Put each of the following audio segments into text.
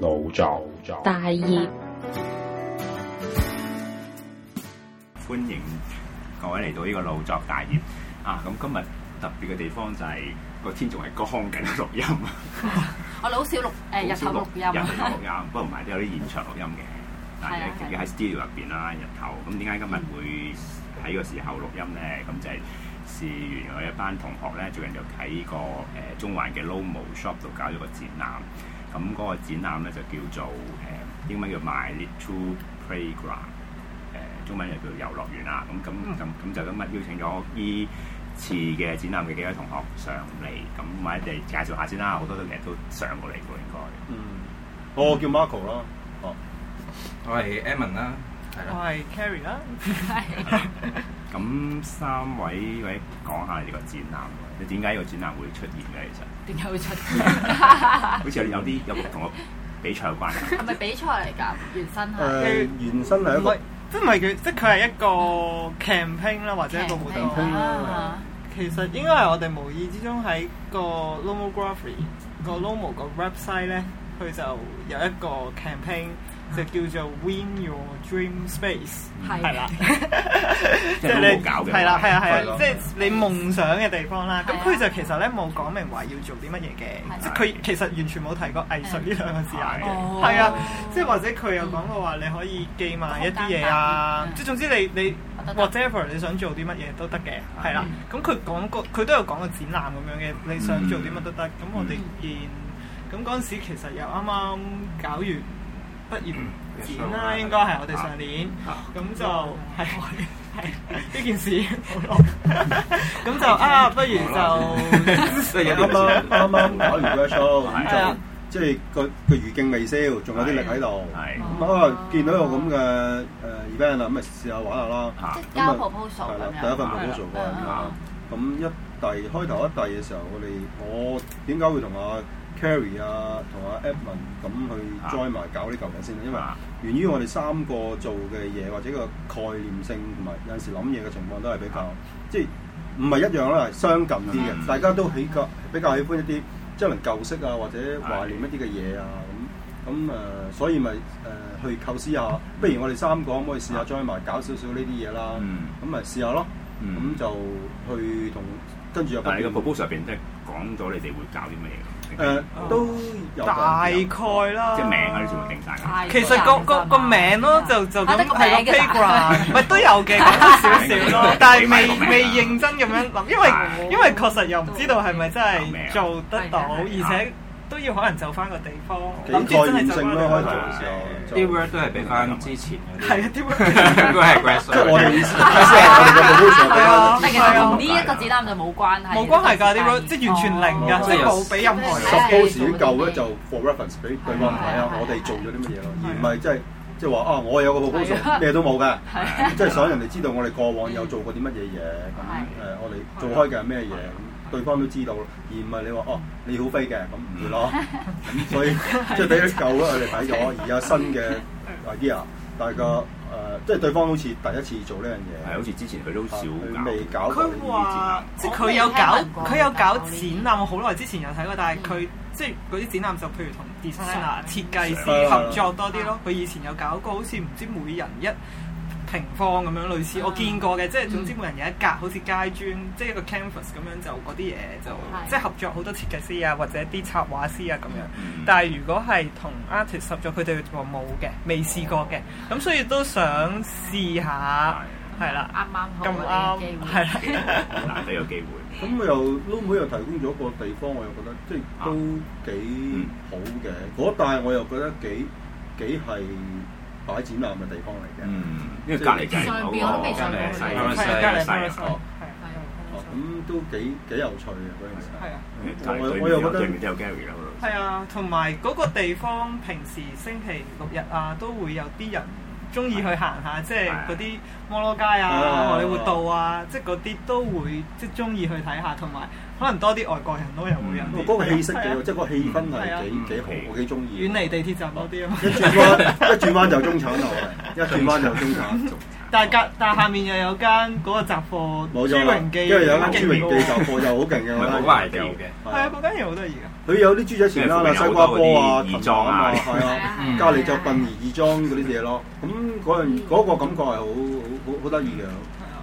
腦作大業，歡迎各位嚟到呢個腦作大業啊！咁今日特別嘅地方就係個天仲係光緊錄音。我哋好少錄誒，日頭錄音，日頭錄音，不過唔係都有啲現場錄音嘅。但係咧，直接喺 studio 入邊啦，日頭。咁點解今日會喺個時候錄音咧？咁就係是原來有一班同學咧，最近就喺個誒中環嘅 Lomo Shop 度搞咗個展覽。咁嗰個展覽咧，就叫做誒英文叫 My Little Playground，誒中文就叫遊樂園啦。咁咁咁咁就今日邀請咗呢次嘅展覽嘅幾位同學上嚟，咁或者你介紹下先啦。好多都其實都上過嚟過應該。嗯。我叫 Marco 咯。哦。我係 Evan 啦。係啦。我係 Carrie 啦。係。咁三位，位講下你個展覽。你點解個展覽會出現嘅？其實點解會出現？好似 有啲有，有同個比賽有關。係咪 比賽嚟㗎？原身啊？呃、 原原生係一個，即唔係佢，即佢係一個 campaign 啦，或者一個活動啦。campaigns, 其實應該係我哋無意之中喺個 Lomography、uh, 個 Lomo 個 website 咧，佢就有一個 campaign。就叫做 Win Your Dream Space，係啦，即係你搞嘅，係啦，係啊，係啊，即係你夢想嘅地方啦。咁佢就其實咧冇講明話要做啲乜嘢嘅，即係佢其實完全冇提過藝術呢兩個字眼嘅，係啊，即係或者佢有講過話你可以寄埋一啲嘢啊，即係總之你你 whatever 你想做啲乜嘢都得嘅，係啦。咁佢講過，佢都有講過展覽咁樣嘅，你想做啲乜都得。咁我哋見，咁嗰陣時其實又啱啱搞完畢業展啦，應該係我哋上年咁就係係呢件事，咁就啊，不如就啱啱啱啱搞完 grad show，咁就即係個個餘勁未消，仲有啲力喺度。咁啊，見到個咁嘅誒 event 啊，咁咪試下玩下啦。即係交 proposal 咁樣。第一份 proposal 咁啊，咁一第開頭一第嘅時候，我哋我點解會同阿 Carry 啊，同阿 Edwin 咁去 join 埋搞呢嚿嘢先，因為源於我哋三個做嘅嘢，或者個概念性同埋有陣時諗嘢嘅情況都係比較，啊、即係唔係一樣啦，係相近啲嘅。嗯、大家都比較比較喜歡一啲將嚟舊式啊，或者懷念一啲嘅嘢啊，咁咁誒，所以咪誒、呃，去構思下，不如我哋三個可以試下 join 埋搞少少呢啲嘢啦。咁咪試下咯，咁、嗯、就去同跟住入。但係你個 proposal 入邊都係講咗你哋會搞啲咩嘅？誒，都大概啦，即係名，名啊，你全部定曬。其實、啊、個個個名咯，就就咁，係個 playground，咪都有嘅，講講少少咯，啊、但係未、啊、未認真咁樣諗，因為、啊、因為確實又唔知道係咪真係做得到，啊、而且。都要可能就翻個地方，諗住真係就翻嚟做先。啲 work 都係俾翻之前嘅，係啊，啲 work 應該係 grass。即係我哋以前嘅 proposal，係啊，係啊，呢一個字單就冇關係，冇關係㗎啲 work，即係完全零㗎，即係冇俾任何。proposal 舊咧就 for reference 俾對方睇啊，我哋做咗啲乜嘢咯，而唔係即係即係話啊，我有個 proposal，咩都冇㗎，即係想人哋知道我哋過往有做過啲乜嘢嘢咁誒，我哋做開嘅係咩嘢。對方都知道，而唔係你話哦，你好飛嘅咁唔會咯，咁、嗯、 所以 即係俾一舊啦，我哋睇咗，而家新嘅 idea，大家誒、呃、即係對方好似第一次做呢樣嘢，係、嗯、好似之前佢都少未搞，搞過呢即係佢有搞佢有，有搞展覽，我好耐之前有睇過，但係佢、嗯、即係嗰啲展覽就譬如同 designer 的設計師合作多啲咯，佢、嗯、以前有搞過好似唔知每人一。情況咁樣類似，我見過嘅，即係總之每人有一格，好似街磚，即係一個 canvas 咁樣，就嗰啲嘢就即係合作好多設計師啊，或者啲插畫師啊咁樣。但係如果係同 artist 合作，佢哋就冇嘅，未試過嘅，咁所以都想試下。係啦，啱啱好咁啱，係啦，俾個機會。咁又 Lumoo 又提供咗一個地方，我又覺得即係都幾好嘅。嗰但係我又覺得幾幾係。擺展覽嘅地方嚟嘅，嗯，因為隔籬就係好，隔籬細，隔籬細，哦，係，係，哦，咁都幾幾有趣嘅嗰陣時，係啊，但係對面又對面都有 gallery 啦喎，係啊，同埋嗰個地方平時星期六日啊都會有啲人中意去行下，即係嗰啲摩羅街啊、荷里活道啊，即係嗰啲都會即係中意去睇下，同埋。可能多啲外國人咯，又會有嗰個氣息嘅，即係個氣氛係幾幾好，我幾中意。遠離地鐵站多啲啊嘛！一轉彎一轉彎就中產樓！一轉彎就中產。但係隔但係下面又有間嗰個雜貨，朱榮記，因為有間朱榮記雜貨就好勁嘅，我覺得好懷舊嘅。係啊，嗰間嘢好得意嘅。佢有啲豬仔船啊、西瓜波啊、皮裝啊，係啊，隔離作殼皮裝嗰啲嘢咯。咁嗰陣嗰個感覺係好好好好得意嘅。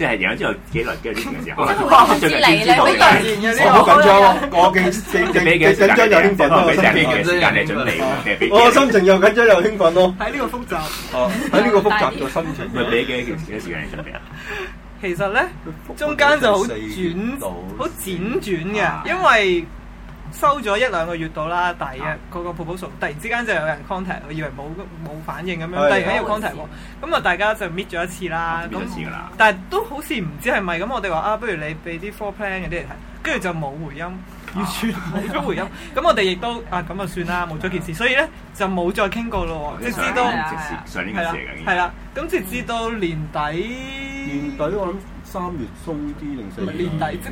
即係然之後幾耐跟住點嘅時候，準備呢個，我好緊張喎，我既既既既緊張又興奮，我心情又緊張又興奮咯。喺呢個複雜，喺呢個複雜嘅心情，你幾件幾多時間嚟準備啊？其實咧，中間就好轉好輾轉嘅，因為，收咗一兩個月到啦，第一啊，嗰個 proposal 突然之間就有人 contact，我以為冇冇反應咁樣，突然喺度 contact 喎，咁啊大家就搣咗一次啦，咁但係都好似唔知係咪咁，我哋話啊，不如你俾啲 full plan 嘅啲嚟睇，跟住就冇回音，冇咗回音，咁我哋亦都啊咁啊算啦，冇咗件事，所以咧就冇再傾過咯喎，直至到上年嘅時候已經係啦，咁直至到年底年底我諗三月鬆啲定四月？唔係年底即。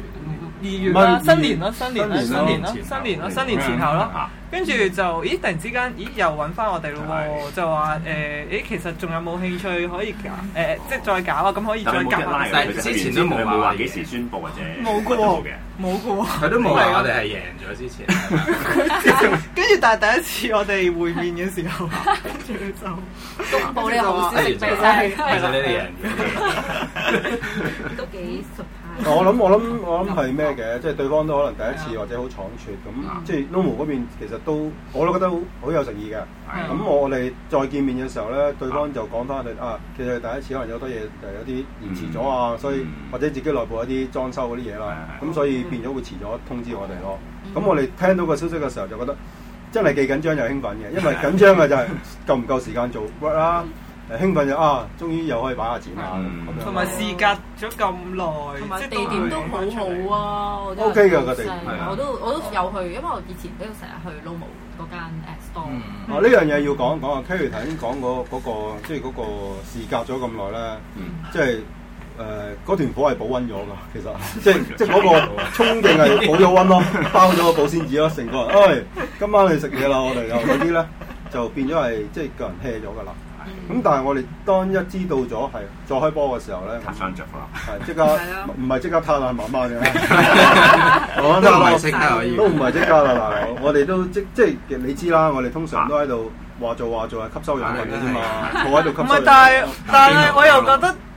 二月啦，新年啦，新年，新年啦，新年啦，新年前後啦，跟住就，咦，突然之間，咦，又揾翻我哋咯喎，就話誒，咦，其實仲有冇興趣可以搞誒，即係再搞啊？咁可以再夾啊？之前都冇冇話幾時宣布或者冇嘅，冇嘅佢都冇話我哋係贏咗之前，跟住但係第一次我哋會面嘅時候就公佈呢個話，其實呢啲贏嘅都幾熟。我諗我諗我諗係咩嘅？即、就、係、是、對方都可能第一次或者好倉促。咁，嗯、即係 n o m o 嗰邊其實都我都覺得好有誠意嘅。咁我哋再見面嘅時候咧，對方就講翻佢啊，其實第一次可能有多嘢，誒有啲延遲咗啊，所以或者自己內部一啲裝修嗰啲嘢啦，咁、嗯、所以變咗會遲咗通知我哋咯。咁、嗯、我哋聽到個消息嘅時候就覺得真係既緊張又興奮嘅，因為緊張嘅就係夠唔夠時間做，work 啦。 啊興奮咗啊！終於又可以擺下錢啦！咁樣，同埋事隔咗咁耐，即係地點都好好啊！O K. 嘅個地點，我都我都有去，因為我以前都要成日去 Lomo 嗰間 store。啊，呢樣嘢要講講啊！Kerry 頭先講嗰嗰個，即係嗰個事隔咗咁耐咧，即係誒嗰團火係保溫咗㗎，其實即係即係嗰個衝勁係保咗溫咯，包咗個保鮮紙咯，成個人誒今晚去食嘢啦！我哋又嗰啲咧就變咗係即係個人 hea 咗㗎啦。咁但係我哋當一知道咗係再開波嘅時候咧，嚇！即刻唔係即刻攤啊，係慢慢嘅，都唔係即刻啦大佬，我哋都即即你知啦，我哋通常都喺度話做話做係吸收氧氣嘅啫嘛，冇喺度吸，唔係但係但係我又覺得。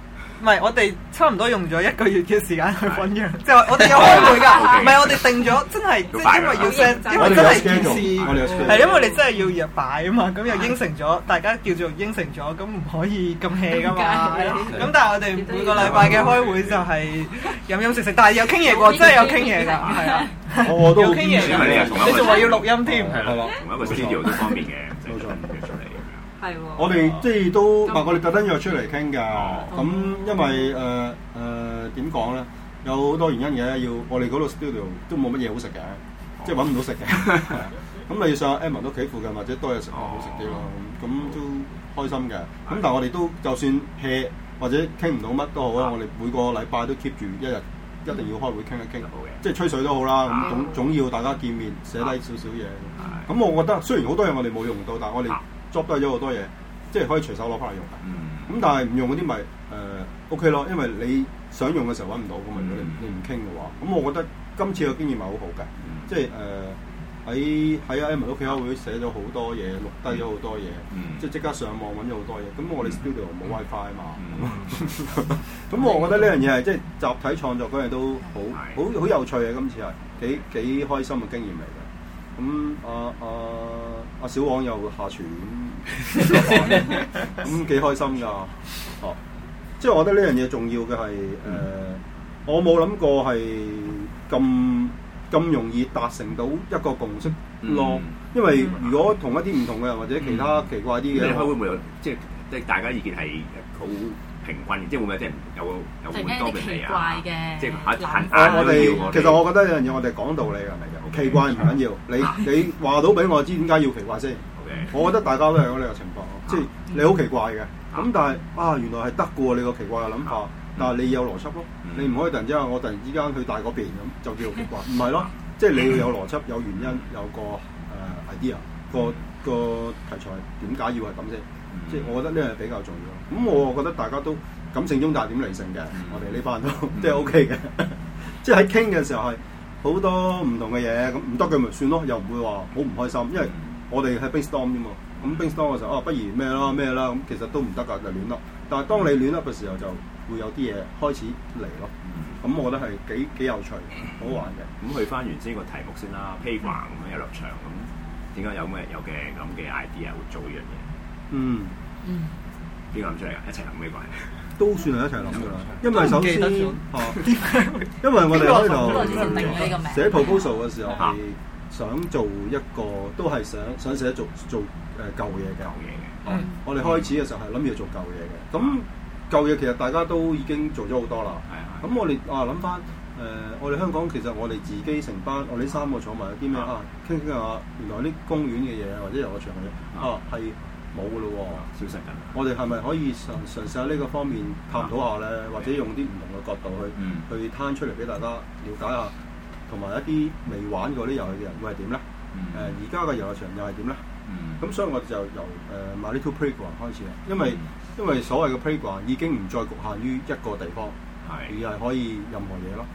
唔係，我哋差唔多用咗一個月嘅時間去分嘅，即係我哋有開會㗎。唔係我哋定咗，真係即係因為要 send，因為真係件事係因為我哋真係要入擺啊嘛。咁又應承咗，大家叫做應承咗，咁唔可以咁 hea 㗎嘛。咁但係我哋每個禮拜嘅開會就係飲飲食食，但係有傾嘢喎，真係有傾嘢㗎，係啊。有傾嘢，你仲話要錄音添，係咯，同一個 video 方便嘅，冇錯。係我哋即係都唔係我哋特登約出嚟傾㗎。咁因為誒誒點講咧？有好多原因嘅。要我哋嗰度 studio 都冇乜嘢好食嘅，即係揾唔到食嘅。咁你上阿 Emma 屋企附近或者多嘢食，好食啲咯。咁都開心嘅。咁但係我哋都就算 hea 或者傾唔到乜都好啦。我哋每個禮拜都 keep 住一日一定要開會傾一傾，即係吹水都好啦。咁總總要大家見面，寫低少少嘢。咁我覺得雖然好多嘢我哋冇用到，但係我哋。捉低咗好多嘢，即係可以隨手攞翻嚟用。咁但係唔用嗰啲咪誒 O K 咯，因為你想用嘅時候揾唔到嘅嘛。如果你唔傾嘅話，咁我覺得今次嘅經驗係好好嘅。即係誒喺喺阿 Emma 屋企開會寫咗好多嘢，錄低咗好多嘢。即係即刻上網揾咗好多嘢。咁我哋 studio 冇 WiFi 啊嘛。咁我覺得呢樣嘢係即係集體創作嗰樣都好好好有趣嘅。今次係幾幾開心嘅經驗嚟嘅。咁阿阿阿小王又下傳。咁幾開心噶，哦，即係我覺得呢樣嘢重要嘅係，誒，我冇諗過係咁咁容易達成到一個共識咯，因為如果同一啲唔同嘅人或者其他奇怪啲嘅，你會唔會即係即係大家意見係好平均嘅？即係會唔會有啲人又又會多俾你啊？即係吓，奇怪嘅，即係吓，我哋其實我覺得有樣嘢，我哋講道理嘅，係咪啊？奇怪唔緊要，你你話到俾我知點解要奇怪先？我覺得大家都係有呢個情況，啊、即係你好奇怪嘅，咁、啊、但係啊，原來係得嘅你個奇怪嘅諗法，啊、但係你有邏輯咯，嗯、你唔可以突然之間，我突然之間去大嗰邊咁，就叫做奇怪，唔係咯，即係你要有邏輯，有原因，有個誒、呃、idea，個個題材點解要係咁先，嗯、即係我覺得呢樣比較重要。咁、嗯、我覺得大家都感性中帶點理性嘅，我哋呢班都即係 OK 嘅，即係喺傾嘅時候係好多唔同嘅嘢，咁唔得嘅咪算咯，又唔會話好唔開心，因為。我哋喺 Big Storm 啫嘛，咁 Big Storm 嘅時候哦，不如咩啦咩啦，咁、嗯、其實都唔得噶，就亂甩。但係當你亂甩嘅時候，就會有啲嘢開始嚟咯。咁、嗯、我覺得係幾幾有趣，嗯、好玩嘅。咁、嗯、去翻原先個題目先啦，p a 咁評咩落場咁？點解有咩有嘅咁嘅 idea 會做呢樣嘢？嗯嗯。邊個諗出嚟噶？一齊諗咩鬼？都算係一齊諗㗎啦。因為首先因為我哋喺度寫 proposal 嘅時候係。 想做一個都係想想寫做做誒舊嘢嘅舊嘢嘅，我哋開始嘅時候係諗住做舊嘢嘅。咁舊嘢其實大家都已經做咗好多啦。係啊，咁我哋啊諗翻誒，我哋香港其實我哋自己成班，我哋三個坐埋有啲咩啊？傾傾下原來啲公園嘅嘢或者遊樂場嘅嘢啊係冇㗎咯喎，消失緊。我哋係咪可以嘗嘗試下呢個方面探討下咧？或者用啲唔同嘅角度去去攤出嚟俾大家了解下？同埋一啲未玩過啲遊戲嘅人，會係點咧？誒、呃，而家嘅遊樂場又係點咧？咁、嗯、所以我哋就由誒、呃、My Little Playground 開始啦。因為因為所謂嘅 Playground 已經唔再局限於一個地方，而係、嗯、可以任何嘢咯。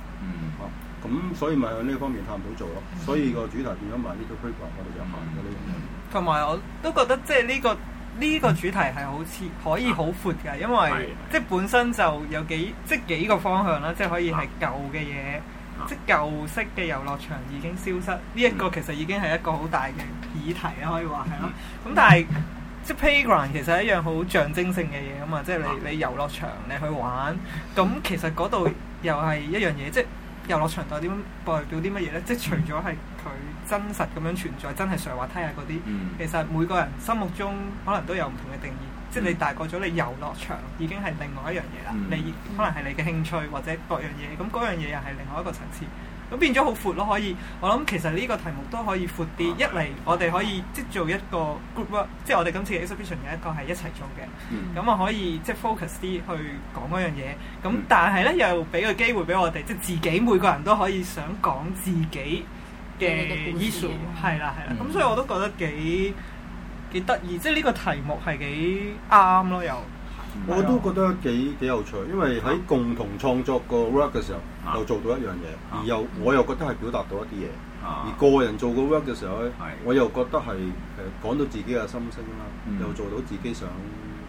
嚇咁所以咪喺呢方面探討做咯。所以個主題變咗 My Little Playground，我哋就問嗰啲嘢。同埋我都覺得即係呢、呢個呢、呢個主題係好似可以好闊嘅，因為、嗯嗯、即係本身就有幾即係幾個方向啦，即係可以係舊嘅嘢。嗯即舊式嘅遊樂場已經消失，呢、這、一個其實已經係一個好大嘅議題啦，可以話係咯。咁但係， 即 Playground 其實係一樣好象徵性嘅嘢啊嘛，即係你你遊樂場你去玩，咁其實嗰度又係一樣嘢，即遊樂場代表啲乜嘢咧？ 即除咗係佢真實咁樣存在，真係上滑梯啊嗰啲， 其實每個人心目中可能都有唔同嘅定義。即係你大個咗，你遊樂場已經係另外一樣嘢啦。你可能係你嘅興趣或者各樣嘢，咁、那、嗰、個、樣嘢又係另外一個層次，咁變咗好闊咯。可以，我諗其實呢個題目都可以闊啲。啊、一嚟我哋可以、啊、即做一個 group work，即係我哋今次嘅 exhibition 有一個係一齊做嘅，咁我、嗯、可以即係 focus 啲去講嗰樣嘢。咁、嗯、但係咧又俾個機會俾我哋，即係自己每個人都可以想講自己嘅 issue。係啦係啦，咁、mm hmm。所以我都覺得幾。幾得意，即係呢個題目係幾啱咯，又我都覺得幾幾有趣，因為喺共同創作個 work 嘅時候，啊、又做到一樣嘢，啊、而又我又覺得係表達到一啲嘢，而個人做個 work 嘅時候咧，我又覺得係誒講到自己嘅心聲啦，嗯、又做到自己想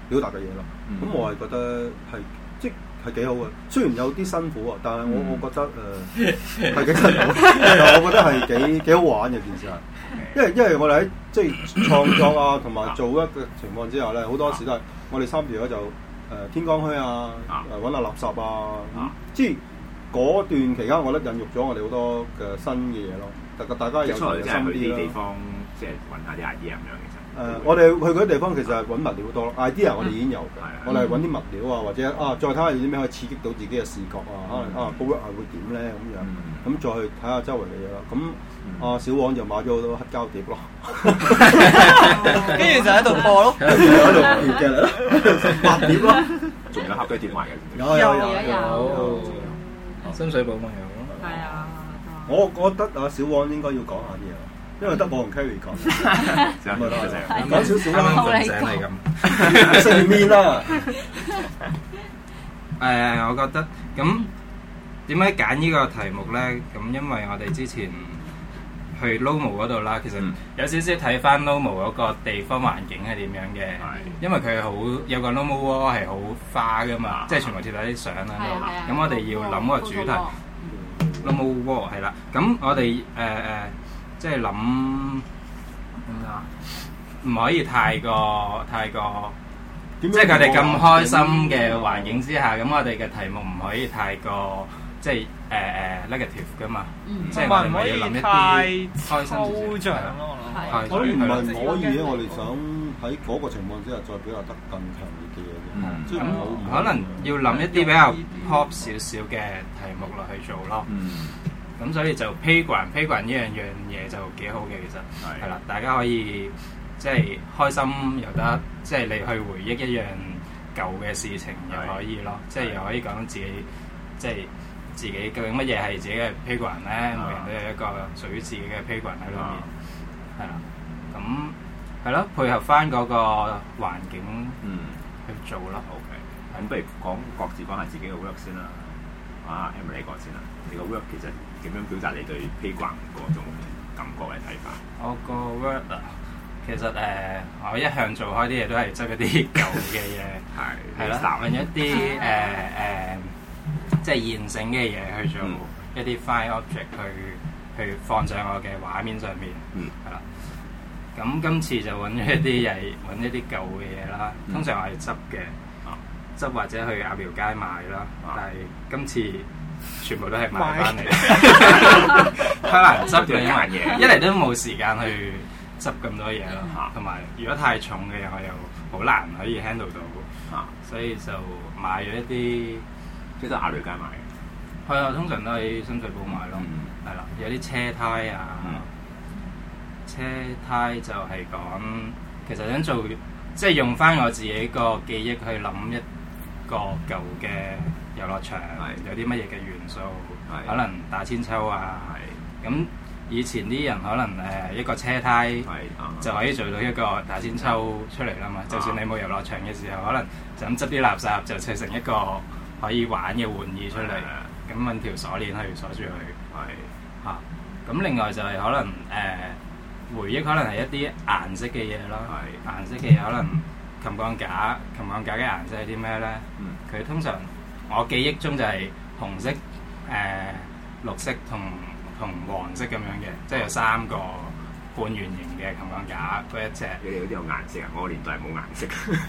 表達嘅嘢咯，咁、嗯、我係覺得係即。係幾好嘅，雖然有啲辛苦喎，但係我我覺得誒係幾辛苦，我覺得係幾幾好玩嘅件事啊！因為因為我哋喺即係創作啊，同埋做一個情況之下咧，好多時都係我哋三條友就誒天光墟啊，誒搵下垃圾啊，咁即係嗰段期間，我覺得孕育咗我哋好多嘅新嘅嘢咯。大家有耐心啲啦。即係去啲地方，即係搵下啲阿姨咁樣嘅。誒，我哋去嗰啲地方其實揾物料多咯。idea 我哋已經有，我哋揾啲物料啊，或者啊，再睇下有啲咩可以刺激到自己嘅視覺啊，可能啊，布啊會點咧咁樣，咁再去睇下周圍嘅嘢咯。咁啊，小黃就買咗好多黑膠碟咯，跟住就喺度播咯，喺度，黑膠碟咯，黑碟咯，仲有黑膠碟賣嘅？有有有，深水埗咪有咯，係啊，我覺得啊，小黃應該要講下啲嘢。因為得我同 Kelly 講小小小小，咪咯，講少少啦，訓醒你咁，上面啦。誒，我覺得咁點解揀呢個題目咧？咁因為我哋之前去 Lomo 嗰度啦，其實有少少睇返 Lomo 嗰個地方環境係點樣嘅。的因為佢好有個 Lomo Wall，係好花㗎嘛，即係 全部貼曬啲相啦。咁的我哋要諗個主題，Lomo Wall 係啦。咁 我哋誒誒。呃即係諗點啊？唔可以太過太過，即係佢哋咁開心嘅環境之下，咁我哋嘅題目唔可以太過，即係誒誒 negative 噶嘛。嗯，所以唔可以太抽象咯。所以唔係可以嘅，我哋想喺嗰個情況之下，再表達得更強烈嘅嘢。嗯，咁可能要諗一啲比較 pop 少少嘅題目落去做咯。嗯。咁所以就 Playground Playground 呢樣樣嘢就幾好嘅，其實係啦的，大家可以即係開心又得，即係你去回憶一樣舊嘅事情又可以咯，即係又可以講自己即係自己究竟乜嘢係自己嘅 Playground 咧？的每個人都有一個屬於自己嘅 Playground 喺裏面，係啦的，咁係咯，配合翻嗰個環境去做咯。OK，咁不如講各自講下自己嘅 work 先啦。啊，係咪你講先啦，你嘅 work 其實～點樣表達你對披掛嗰種感覺嘅睇法？我個 work 啊，其實誒，我一向做開啲嘢都係執一啲舊嘅嘢，係係啦，揾一啲誒誒，即係現成嘅嘢去做一啲 fine object 去去放上我嘅畫面上面，嗯，係啦。咁今次就揾咗一啲，又係揾一啲舊嘅嘢啦。通常我係執嘅，執或者去鴨寮街買啦。但係今次，全部都係買翻嚟，香港唔執到咁多嘢，啊、 一嚟都冇時間去執咁多嘢咯，嚇。同埋如果太重嘅，我又好難可以 handle 到，嚇。所以就買咗一啲，即係都鴨寮街買嘅。係啊，通常都喺深水埗買咯，係啦。有啲車胎啊，嗯、車胎就係講其實想做，即、就、係、是、用翻我自己個記憶去諗一個舊嘅。遊樂場有啲乜嘢嘅元素？可能打千秋啊，咁以前啲人可能誒一個車胎就可以做到一個打千秋出嚟啦嘛。就算你冇遊樂場嘅時候，可能就咁執啲垃圾就砌成一個可以玩嘅玩意出嚟，咁揾條鎖鏈去鎖住佢。嚇！咁另外就係可能誒回憶，可能係一啲顏色嘅嘢咯。顏色嘅嘢可能琴鋼架，琴鋼架嘅顏色係啲咩呢？佢通常。 我記憶中就係紅色、誒、呃、綠色同同黃色咁樣嘅，即係有三個半圓形嘅琴行架嗰一隻。你哋嗰啲有好顏色啊？我年代係冇顏色。誒、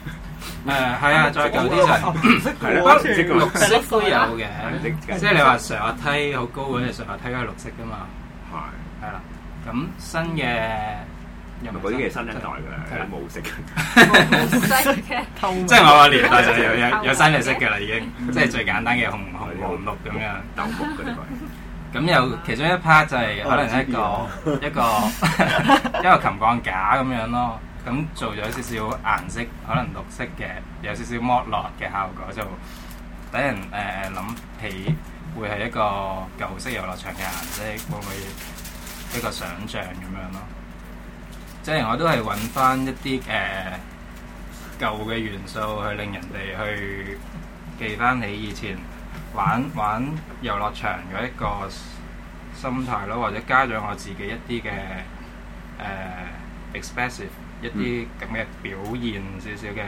嗯、係、嗯、啊、嗯、再舊啲就係，係啦，再嗯嗯、綠色都有嘅，即係你話上下梯好高嗰隻上下梯都係綠色噶嘛。係、嗯。係啦，咁新嘅。 因唔嗰啲叫新一代噶啦，係模式嘅， 即係我個年代就 有有新嘅色嘅啦，已經。 即係最簡單嘅紅、 紅黃綠色咁樣，紅綠嗰啲咁有其中一 part 就係、是、 可能一個 一個一個， 一個琴鋼架咁樣咯。咁做咗少少顏色，可能綠色嘅，有少少剝落嘅效果，就等人誒諗、呃、起會係一個舊式遊樂場嘅顏色，會唔會一個想像咁樣咯。即係我都係揾翻一啲誒舊嘅元素去令人哋去記翻起以前玩玩遊樂場嘅一個心態咯，或者加咗我自己一啲嘅誒 expressive 一啲咁嘅表現少少嘅，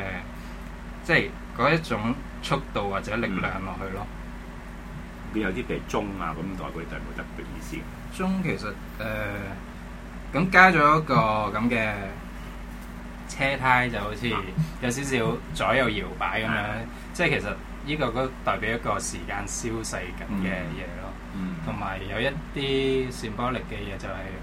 即係嗰一種速度或者力量落去咯。你有啲譬如鐘啊咁，代佢就係冇特別意思。鐘其實誒。咁加咗一個咁嘅車胎就好似有少少左右搖擺咁樣， 即係其實呢個都代表一個時間消逝緊嘅嘢咯。同埋、嗯嗯、有一啲 symbolic 嘅嘢就係、是、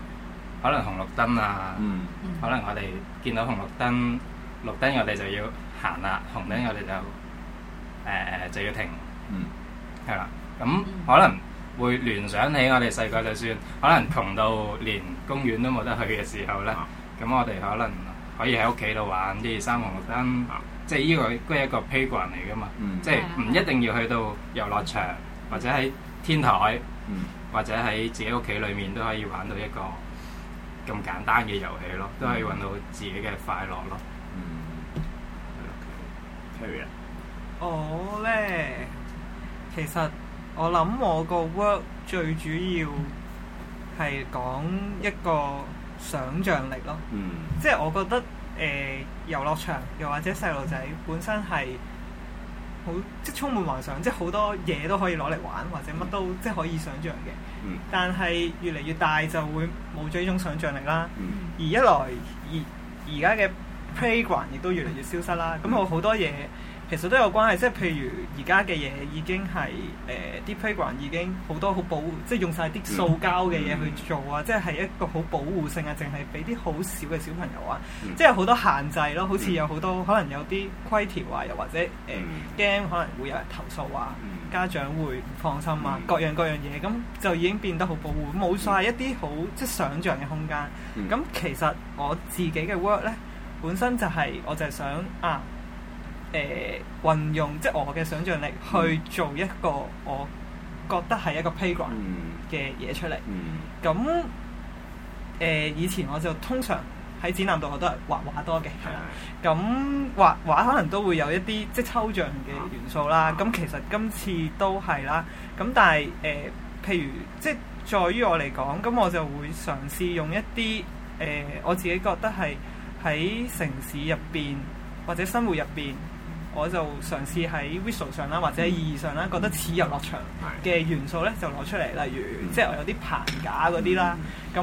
可能紅綠燈啊，嗯嗯、可能我哋見到紅綠燈，綠燈我哋就要行啦，紅燈我哋就誒、呃、就要停。嗯，係啦，咁、嗯、可能。會聯想起我哋細個，就算可能窮到連公園都冇得去嘅時候咧，咁 我哋可能可以喺屋企度玩一二三紅綠燈，即係呢個都係一個 playground 嚟噶嘛，即係唔一定要去到遊樂場或者喺天台 或者喺自己屋企裏面都可以玩到一個咁簡單嘅遊戲咯，都可以揾到自己嘅快樂咯。嗯，係咯 t r i a 我咧其實。我諗我個 work 最主要係講一個想像力咯，嗯、即係我覺得誒、呃、遊樂場又或者細路仔本身係好即充滿幻想，即係好多嘢都可以攞嚟玩，或者乜都即係可以想像嘅。嗯、但係越嚟越大就會冇咗呢種想像力啦。嗯、而一來而而家嘅 playground 亦都越嚟越消失啦。咁、嗯、我好多嘢。其實都有關係，即係譬如而家嘅嘢已經係誒啲 playground 已經好多好保，即係用晒啲塑膠嘅嘢去做啊！即係一個好保護性啊，淨係俾啲好少嘅小朋友啊，即係好多限制咯。好似有好多可能有啲規條啊，又或者誒 game 可能會有人投訴啊，家長會唔放心啊，各樣各樣嘢，咁就已經變得好保護，冇晒一啲好即係想像嘅空間。咁其實我自己嘅 work 咧，本身就係我就係想啊。誒、呃、運用即係我嘅想像力去做一個我覺得係一個 playground 嘅嘢出嚟。咁誒、嗯呃、以前我就通常喺展覽度我都係畫畫多嘅，咁的畫畫可能都會有一啲即係抽象嘅元素啦。咁、啊、其實今次都係啦。咁但係誒、呃，譬如即係在於我嚟講，咁我就會嘗試用一啲誒、呃、我自己覺得係喺城市入邊或者生活入邊。我就嘗試喺 visual 上啦，或者意義上啦，覺得似遊樂場嘅元素咧，就攞出嚟。例如，即係我有啲棚架嗰啲啦，咁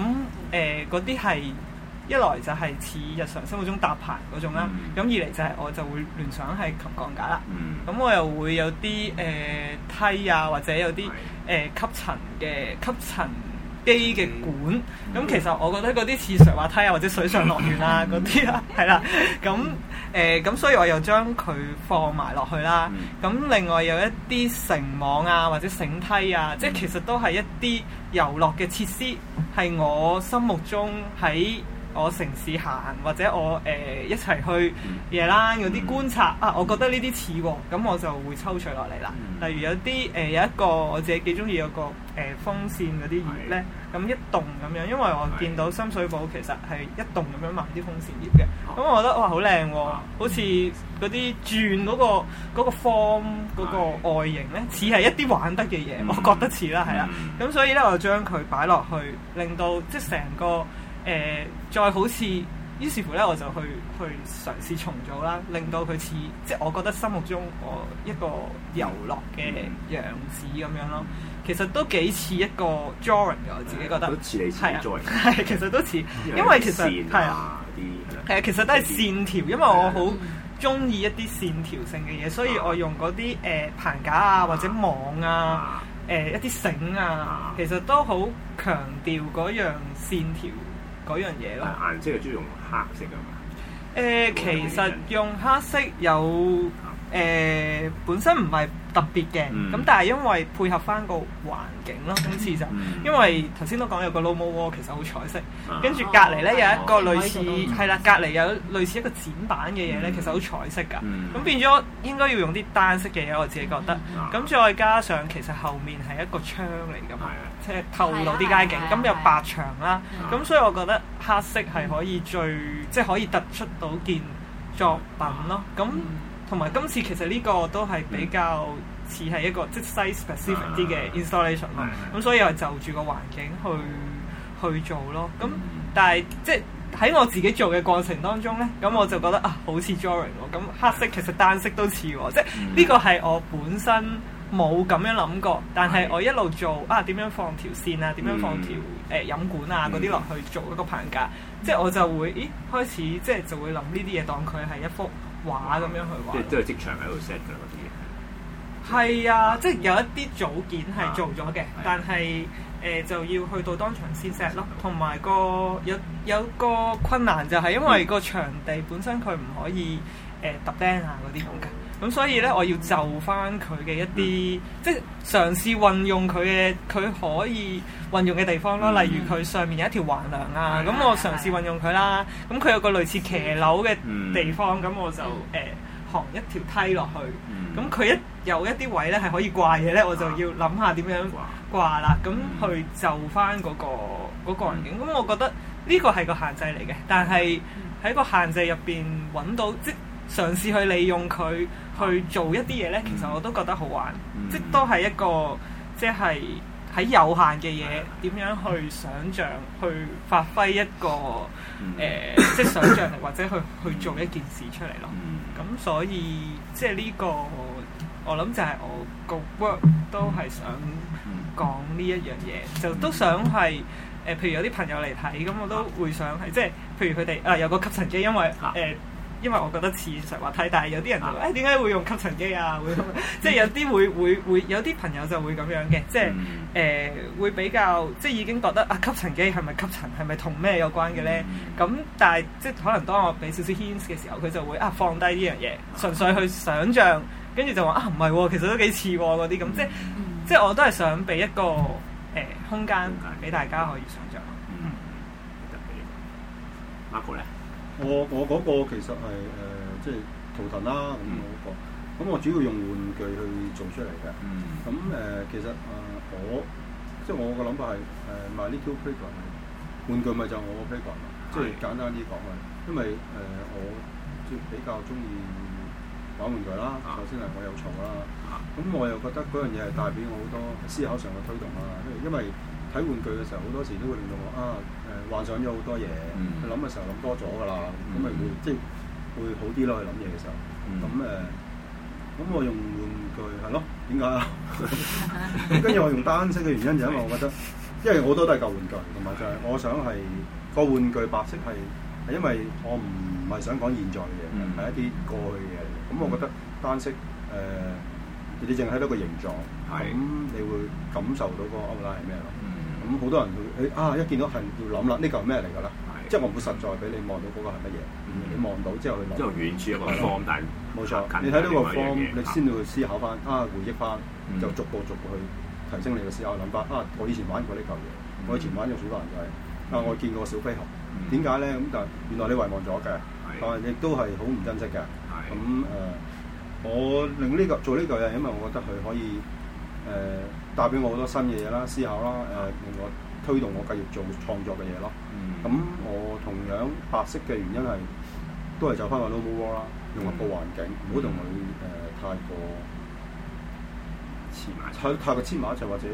誒嗰啲係一來就係似日常生活中搭棚嗰種啦，咁二嚟就係我就會聯想係琴鋼架啦，咁我又會有啲誒、呃、梯啊，或者有啲誒、呃、吸塵嘅吸塵機嘅管。咁其實我覺得嗰啲似石滑梯啊，或者水上樂園啊嗰啲啦，係啦，咁。誒咁，呃、所以我又將佢放埋落去啦。咁、嗯、另外有一啲繩網啊，或者繩梯啊，即係其實都係一啲遊樂嘅設施，係我心目中喺。我城市行或者我誒一齊去嘢啦，有啲觀察啊，我覺得呢啲似喎，咁我就會抽取落嚟啦。例如有啲誒有一個我自己幾中意有個誒風扇嗰啲葉咧，咁一棟咁樣，因為我見到深水埗其實係一棟咁樣賣啲風扇葉嘅，咁我覺得哇好靚喎，好似嗰啲轉嗰個方，個嗰個外形咧似係一啲玩得嘅嘢，我覺得似啦，係啦，咁所以咧我就將佢擺落去，令到即係成個。誒、呃，再好似，於是乎咧，我就去去嘗試重組啦，令到佢似，即係我覺得心目中我一個遊樂嘅樣子咁樣咯。嗯、其實都幾似一個 drawing 嘅，我自己覺得。似你創作。係啊，其實都似，因為其實係啊，啲誒其實都係線條，因為我好鍾意一啲線條性嘅嘢，所以我用嗰啲誒棚架啊，或者網啊，誒、啊呃、一啲繩啊，啊其實都好強調嗰樣線條。嗰樣嘢咯，顏色係中意用黑色嘅嘛？誒，其實用黑色有誒本身唔係特別嘅，咁但係因為配合翻個環境咯，今次就因為頭先都講有個老母鍋，其實好彩色，跟住隔離咧有一個類似係啦，隔離有類似一個展板嘅嘢咧，其實好彩色㗎，咁變咗應該要用啲單色嘅嘢，我自己覺得，咁再加上其實後面係一個窗嚟㗎嘛。透露啲街景，咁有白牆啦，咁所以我覺得黑色係可以最即係可以突出到件作品咯。咁同埋今次其實呢個都係比較似係一個即係 site specific 啲嘅 installation 咯。咁所以係就住個環境去去做咯。咁但係即係喺我自己做嘅過程當中咧，咁我就覺得啊，好似 drawing 喎。咁黑色其實單色都似喎，即係呢個係我本身。冇咁樣諗過，但係我一路做啊，點樣放條線啊，點樣放條誒、嗯呃、飲管啊嗰啲落去做一個棚架，嗯、即係我就會，咦開始即係就會諗呢啲嘢當佢係一幅畫咁樣去畫。嗯、即係都係職場喺度 set 㗎嗰啲嘢。係啊，即係有一啲組件係做咗嘅，嗯、但係誒、呃、就要去到當場先 set 咯，同埋個有有個困難就係因為個場地本身佢唔可以誒揼釘啊嗰啲咁嘅。呃咁所以咧，我要就翻佢嘅一啲，嗯、即係嘗試運用佢嘅，佢可以運用嘅地方啦。嗯、例如佢上面有一條橫梁啊，咁、嗯、我嘗試運用佢啦。咁佢、嗯、有個類似騎樓嘅地方，咁、嗯、我就誒、呃、行一條梯落去。咁佢、嗯、一有一啲位咧係可以掛嘅咧，我就要諗下點樣掛啦。咁去、啊、就翻嗰、嗰個嗰、嗯、環境。咁、嗯、我覺得呢個係個限制嚟嘅，但係喺個限制入邊揾到，即係嘗試去利用佢。去做一啲嘢咧，其實我都覺得好玩，嗯、即都係一個即係喺有限嘅嘢點樣去想像、去發揮一個誒、嗯呃、即係想像力，或者去去做一件事出嚟咯。咁、嗯、所以即係呢個我諗就係我個 work 都係想講呢一樣嘢，嗯、就都想係誒、呃，譬如有啲朋友嚟睇，咁我都會想係、啊、即係譬如佢哋啊有個吸塵機，因為誒。呃呃因為我覺得似實話太大。但係有啲人就誒點解會用吸塵機啊？ 會即係有啲會會會有啲朋友就會咁樣嘅，即係誒、嗯呃、會比較即係已經覺得啊吸塵機係咪吸塵係咪同咩有關嘅咧？咁、嗯、但係即係可能當我俾少少 hints 嘅時候，佢就會啊放低呢樣嘢，純粹去想像，跟住就話啊唔係喎，其實都幾似喎嗰啲咁，即係即係我都係想俾一個誒、呃、空間俾空間 大家可以想像。嗯。嗯。Marco 咧？我我嗰個其實係誒、呃、即係圖騰啦咁嗰個，咁我主要用玩具去做出嚟嘅。咁誒、嗯呃、其實、呃、我即係我個諗法係誒 My Little Playground 係玩具咪就係我 Playground，即係簡單啲講咪，因為誒、呃、我即比較中意玩玩具啦。首先係我有嘈啦，咁我又覺得嗰樣嘢係帶俾我好多思考上嘅推動啊，因為。睇玩具嘅時候，好多時都會令到我啊誒幻想咗好多嘢。佢諗嘅時候諗多咗㗎啦，咁咪會即係會好啲咯。佢諗嘢嘅時候，咁誒咁我用玩具係咯，點解啊？跟住我用單色嘅原因就因為我覺得，因為好多都係舊玩具同埋就係我想係個玩具白色係係因為我唔係想講現在嘅嘢，係一啲過去嘅嘢。咁我覺得單色誒，你哋淨係睇到個形狀，咁你會感受到嗰個 outline 係咩咯？咁好多人會啊一見到係要諗啦，呢嚿係咩嚟㗎啦？即係我唔會實在俾你望到嗰個係乜嘢。你望到之後去，即係遠處一個方咁大。冇錯，你睇到個方，你先會思考翻啊，回憶翻，就逐步逐步去提升你嘅思考諗翻。啊，我以前玩過呢嚿嘢，我以前玩過有好多人就係啊，我見過小飛俠。點解咧？咁但係原來你遺忘咗嘅，但係亦都係好唔珍惜嘅。咁誒，我令呢嚿做呢嚿嘢，因為我覺得佢可以誒。帶俾我好多新嘅嘢啦，思考啦，誒令我推動我繼續做創作嘅嘢咯。咁、嗯、我同樣白色嘅原因係都係走翻個 logo 啦，用個布環境，唔好同佢誒太過黐埋。係碼太，太過黐埋一齊，或者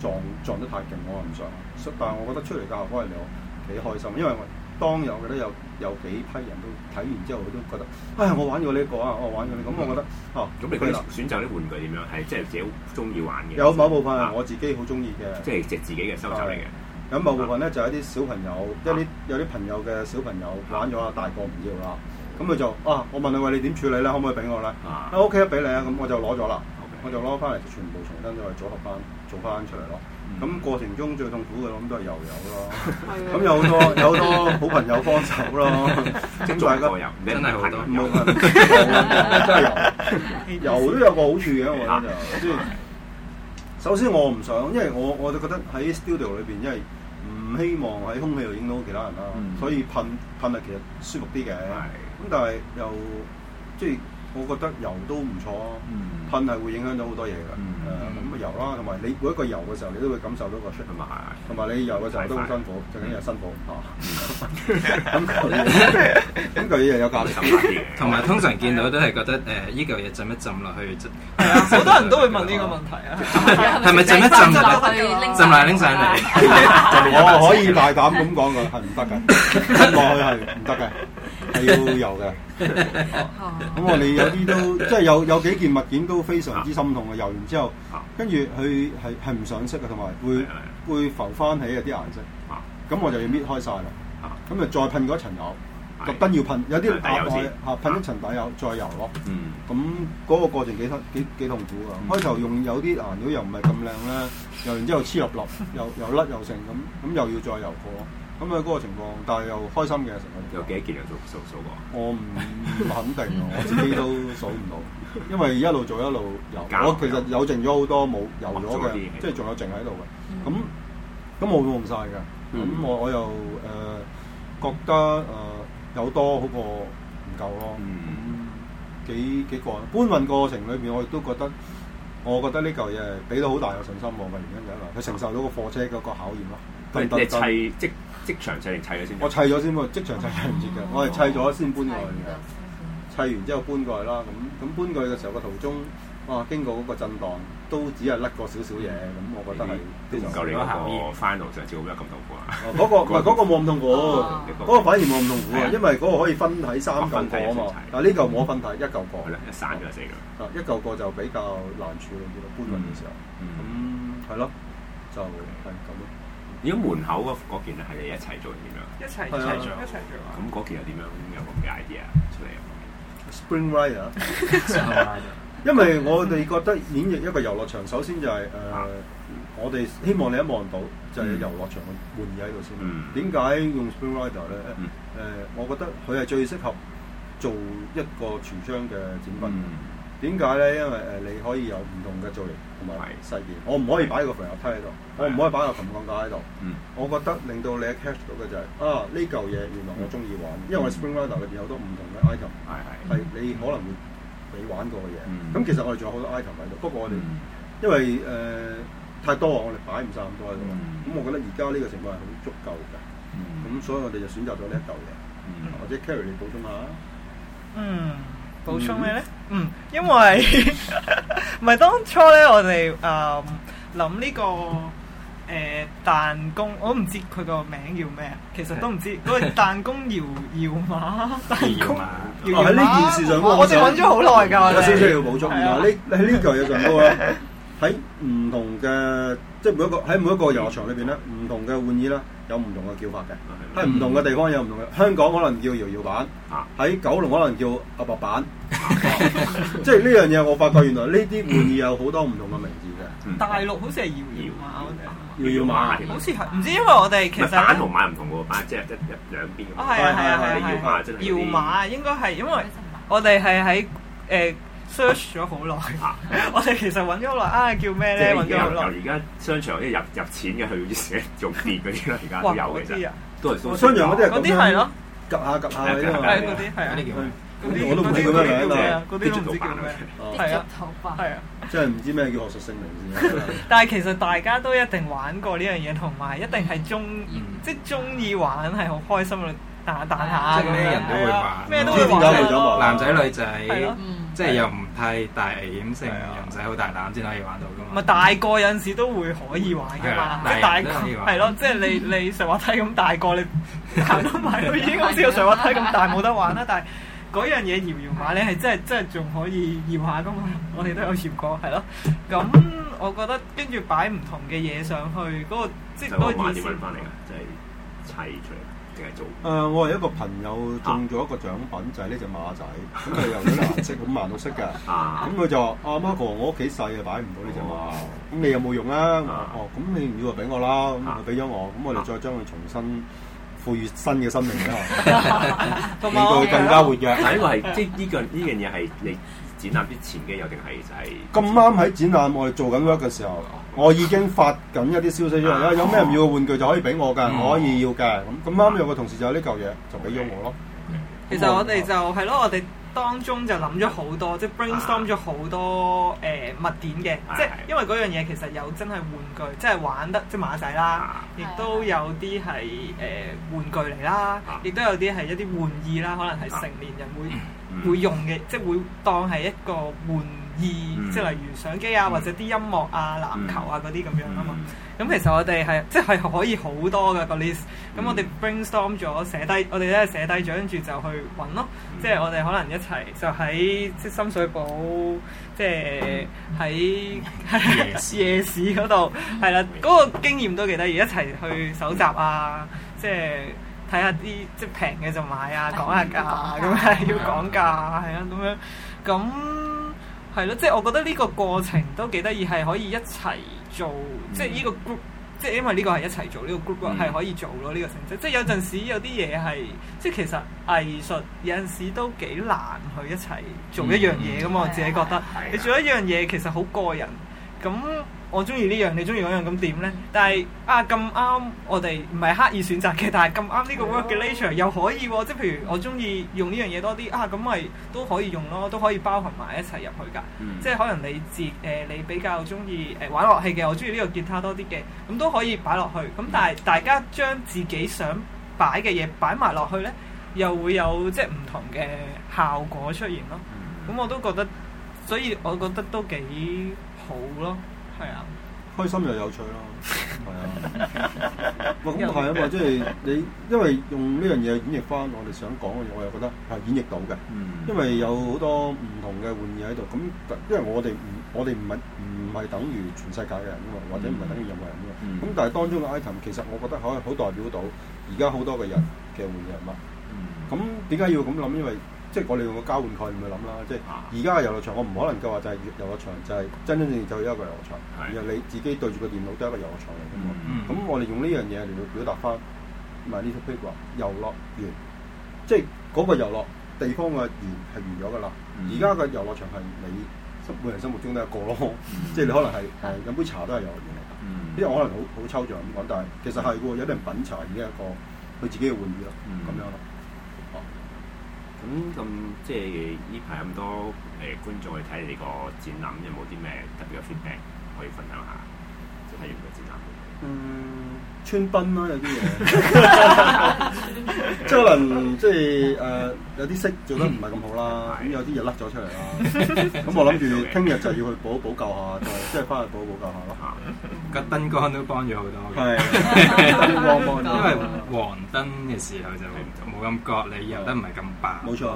撞撞得太勁，我係唔想。但係我覺得出嚟教學嗰陣，我幾開心，因為我當有嘅咧有。有幾批人都睇完之後，佢都覺得，唉，我玩咗呢一個啊，我玩咗呢、這個，咁 我覺得，哦、啊，咁你嗰啲選擇啲玩具點樣？係即係自己中意玩嘅。有某部分係我自己好中意嘅，即係即係自己嘅收藏嚟嘅。咁某部分咧就係、是、啲小朋友，啊、即係啲有啲朋友嘅小朋友玩咗啊，大個唔要啦。咁佢就啊，我問，問你，喂，你點處理咧？可唔可以俾我咧？啊，OK，俾你啊，咁我就攞咗啦，我就攞翻嚟，全部重新再組合翻。Okay. 做翻出嚟咯，咁過程中最痛苦嘅我諗都係油油咯，咁有好多有好多好朋友幫手咯，仲大家，油真係好多，油都有個好處嘅，我覺得就即係首先我唔想，因為我我就覺得喺 studio 裏邊，因為唔希望喺空氣度影到其他人啦，所以噴噴啊其實舒服啲嘅，咁但係又即係我覺得油都唔錯啊，噴係會影響到好多嘢嘅。咁咪遊囉，同埋你每一個遊嘅時候，你都會感受到個同埋，同埋你遊嘅時候都好辛苦，最緊要係辛苦咁佢，咁佢又有價值同埋。通常見到都係覺得誒依嚿嘢浸一浸落去，好多人都會問呢個問題啊，係咪浸一浸就浸埋拎上嚟？我可以大膽咁講㗎係唔得㗎，浸去係唔得㗎，係要遊嘅。咁我哋有啲都，即係有有幾件物件都非常之心痛啊！油完之後，跟住佢係係唔上色嘅，同埋會會浮翻起啊啲顏色，咁我就要搣開晒啦。咁就再噴嗰層油，特登要噴，有啲打蓋吓，噴一層底油，再油咯。咁嗰個過程幾幾幾痛苦啊！開頭用有啲顏料又唔係咁靚咧，油完之後黐入粒，又又甩又剩咁，咁又要再油過。咁啊，嗰、嗯那個情況，但係又開心嘅成分有幾多件啊？數數過我唔肯定啊， 我自己都數唔到，因為一路做一路油。有我其實有剩咗好多冇油咗嘅，嗯、即係仲有剩喺度嘅。咁、嗯、咁、嗯嗯、我用唔晒嘅。咁、嗯嗯、我我又誒、呃、覺得誒、呃、有多好過唔夠咯。咁、嗯嗯、幾幾個搬運過程裏面，我亦都覺得我覺得呢嚿嘢係俾到好大嘅信心我嘅原因就係、是、話，佢承受到個貨車嗰個考驗咯。你你砌即？即場砌嚟砌咗先，我砌咗先喎。即場砌砌唔住嘅，我係砌咗先搬過去嘅。砌完之後搬過去啦。咁咁搬過去嘅時候，個途中，哇，經過嗰個震盪，都只係甩個少少嘢。咁我覺得係唔夠你嗰個 final 就係只有咁痛苦啊！嗰個唔係嗰個冇咁痛苦，嗰個反而冇咁痛苦啊！因為嗰個可以分喺三嚿個啊嘛。但呢嚿冇分體一嚿個，一散就四嚿。啊，一嚿個就比較難處理咯。搬運嘅時候，咁係咯，就係咁咯。如果門口嗰嗰件係你一齊做點樣？一齊一齊做，對一齊做。咁嗰件係點樣有個 idea 出嚟啊？Spring Rider， 因為我哋覺得演繹一個遊樂場， 首先就係、是、誒，呃啊、我哋希望你一望到就係、是、遊樂場嘅玩意喺度先。點解、嗯、用 Spring Rider 咧？誒、嗯嗯呃，我覺得佢係最適合做一個櫥窗嘅展品。嗯點解咧？因為誒你可以有唔同嘅造型同埋細節，我唔可以擺個肥牛梯喺度，我唔可以擺個琴鋼架喺度。我覺得令到你 catch 到嘅就係啊，呢嚿嘢原來我中意玩，因為我 Spring Rider 裏邊有好多唔同嘅 item，係你可能會你玩過嘅嘢。咁其實我哋仲有好多 item 喺度，不過我哋因為誒太多我哋擺唔晒咁多喺度。咁我覺得而家呢個情況係好足夠嘅，咁所以我哋就選擇咗呢一嚿嘢。或者 Carry 你補充下。嗯。補充咩咧？嗯，嗯因為唔係 當初咧、um, 這個呃，我哋誒諗呢個誒彈弓，我唔知佢個名叫咩，其實都唔知，嗰個彈弓搖搖馬，彈弓搖喺呢件事上，我哋揾咗好耐㗎。我家出嚟要補充，呢呢呢樣嘢更多咧。喺唔同嘅即係每一個喺每一個遊樂場裏邊咧，唔同嘅玩意咧有唔同嘅叫法嘅。喺唔同嘅地方有唔同嘅。香港可能叫搖搖板，喺九龍可能叫阿伯板。即係呢樣嘢，我發覺原來呢啲玩意有好多唔同嘅名字嘅。大陸好似係搖搖馬，搖搖馬好似係唔知，因為我哋其實板同馬唔同喎，板即係一兩邊，係啊係啊係啊，搖馬應該係因為我哋係喺誒。Search 咗好耐，我哋其實揾咗好耐啊，叫咩咧？揾咗好耐。而家商場一入入錢嘅佢要寫用電嗰啲啦，而家有嘅啫。都係商場嗰啲，啲係咯，夾下夾下，因為嗰啲係啊，嗰啲我都唔係咁樣嗰啲唔知叫咩，跌骨頭花。啊，即係唔知咩叫學術性名先。但係其實大家都一定玩過呢樣嘢，同埋一定係中，即係鍾意玩係好開心嘅，彈下彈下，咩人都會玩，咩都玩，男仔女仔。即係又唔太大危險性，又唔使好大膽先可以玩到噶嘛。咪大個有時都會可以玩噶嘛，即係大，大過，係咯、嗯，即係你你上滑梯咁大個，你行到埋都已經好似個上滑梯咁大，冇得玩啦。但係嗰樣嘢搖搖馬咧係真係真係仲可以搖下噶嘛。我哋都有搖過，係咯。咁我覺得跟住擺唔同嘅嘢上去，嗰、那個即係嗰啲紙翻嚟嘅，就係、是、砌出嚟。誒、呃，我係一個朋友中咗一個獎品，啊、就係呢隻馬仔，咁佢啊由藍色咁萬六色嘅，咁佢就話：阿 Marco，我屋企細啊擺唔到呢隻馬，咁、哦嗯、你有冇用啊？哦，咁你唔要就俾我啦，咁佢俾咗我，咁我哋再將佢重新賦予新嘅生命啦，令佢 更加活躍。係因為即係呢件呢樣嘢係你。 展覽啲前嘅有定係就係咁啱喺展覽我哋做緊 work 嘅時候，oh, 我已經發緊一啲消息出嚟啦。Oh. 有咩唔要嘅玩具就可以俾我㗎，oh. 我可以要㗎。咁咁啱有個同事就有呢嚿嘢，okay. 就俾咗我咯。Okay. 嗯、其實我哋就係咯，我哋當中就諗咗好多，即係 brainstorm 咗好多誒物點嘅。即係、就是、因為嗰樣嘢其實有真係玩具，即、就、係、是、玩得即係、就是、馬仔啦，亦、oh. 都有啲係誒玩具嚟啦，亦、oh. 啊、都有啲係一啲玩意啦，可能係成年人會。會用嘅，即係會當係一個玩意，即係例如相機啊，或者啲音樂啊、籃球啊嗰啲咁樣啊嘛。咁其實我哋係即係可以好多嘅個 list。咁我哋 brainstorm 咗寫低，我哋咧寫低咗，跟住就去揾咯。即係我哋可能一齊就喺即係深水埗，即係喺夜市嗰度，係啦。嗰個經驗都幾得意，一齊去搜集啊，即係～睇下啲即係平嘅就買啊，講下價啊，咁樣 要講價啊，係啊，咁 樣咁係咯，即係我覺得呢個過程都幾得意，係可以一齊做，嗯、即係呢個 group，即係因為呢個係一齊做呢個 group，係、嗯、可以做咯呢、呢個形式。即係有陣時有啲嘢係，即係其實藝術有陣時都幾難去一齊做一樣嘢噶嘛，我自己覺得你做一樣嘢其實好個人咁。我中意呢樣，你中意嗰樣，咁點呢？但係啊，咁啱我哋唔係刻意選擇嘅，但係咁啱呢個 work nature 又可以喎、哦。即係譬如我中意用呢樣嘢多啲，啊咁咪都可以用咯，都可以包含埋一齊入去㗎。嗯、即係可能你自誒、呃、你比較中意誒玩樂器嘅，我中意呢個吉他多啲嘅，咁、嗯、都可以擺落去。咁但係大家將自己想擺嘅嘢擺埋落去呢，又會有即係唔同嘅效果出現咯。咁、嗯嗯、我都覺得，所以我覺得都幾好咯。係啊，開心又有趣咯，係 啊，哇咁係啊嘛，即、就、係、是、你因為用呢樣嘢演繹翻我哋想講嘅嘢，我又覺得係演繹到嘅、嗯，因為有好多唔同嘅玩意喺度。咁因為我哋唔我哋唔係唔係等於全世界嘅人㗎嘛，或者唔係等於任何人㗎嘛。咁、嗯、但係當中嘅 item 其實我覺得可好代表到而家好多嘅人嘅玩意嘛！咁點解要咁諗？因為即係我哋用個交換概念去諗啦，即係而家嘅遊樂場，我唔可能夠話就係遊樂場，就係真真正正就係一個遊樂場。是然後你自己對住個電腦都係一個遊樂場嚟嘅。咁我哋用呢樣嘢嚟到表達翻，唔係呢張 paper 遊樂園，即係嗰個遊樂地方嘅園係完咗㗎啦。而家嘅遊樂場係你每人心目中都係一個咯。即係你可能係飲杯茶都係遊樂園，因為 可能好好抽象咁講，但係其實係喎，有啲人品茶已經係一個佢自己嘅玩意啦，咁 樣咯。咁咁、嗯、即係呢排咁多誒、呃、觀眾去睇你個展覽，有冇啲咩特別嘅 feedback 可以分享下？即係睇完個展覽？嗯。穿崩啦，有啲嘢，即係可能即係誒有啲色做得唔係咁好啦，咁有啲嘢甩咗出嚟啦。咁我諗住聽日就要去補補救下，再即係翻去補補救下咯。個燈光都幫咗好多，因為黃燈嘅時候就冇咁割，你以後得唔係咁白。冇錯，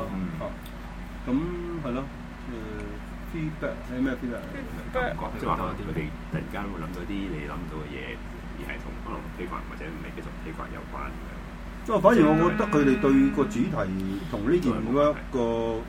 咁係咯。誒，啲燈係咩？啲燈感覺多啲，我哋突然間會諗到啲你諗唔到嘅嘢。而係同可能規劃或者未繼續規劃有關嘅。即係反而我覺得佢哋對個主題同呢件冇一個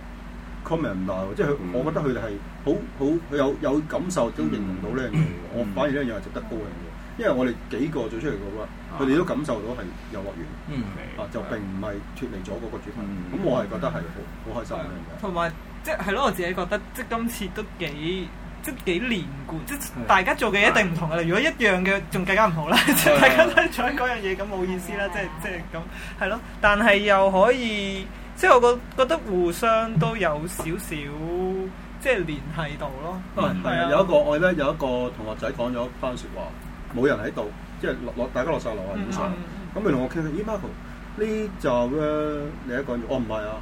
c o m m e、er, n t 唔、嗯、大喎。即係我覺得佢哋係好好有有感受都認同到呢樣嘢。嗯、我反而呢樣嘢係值得高興嘅，因為我哋幾個做出嚟嘅話，佢哋、啊、都感受到係遊樂園。啊、嗯，白就並唔係脱離咗嗰個主題。咁我係覺得係好好開心嘅。同埋即係係咯，我自己覺得即係今次都幾。即幾連貫，即大家做嘅嘢一定唔同嘅啦。如果一樣嘅，仲更加唔好啦。即大家都做嗰樣嘢，咁冇意思啦。即即咁，係咯。但係又可以，即我覺覺得互相都有少少即係聯繫到咯。係啊，有一個我咧，有一個同學仔講咗一番説話，冇人喺度，即落落大家落晒樓下影相。咁你同我傾，咦 Marco 呢集咧你一個人，我唔係啊，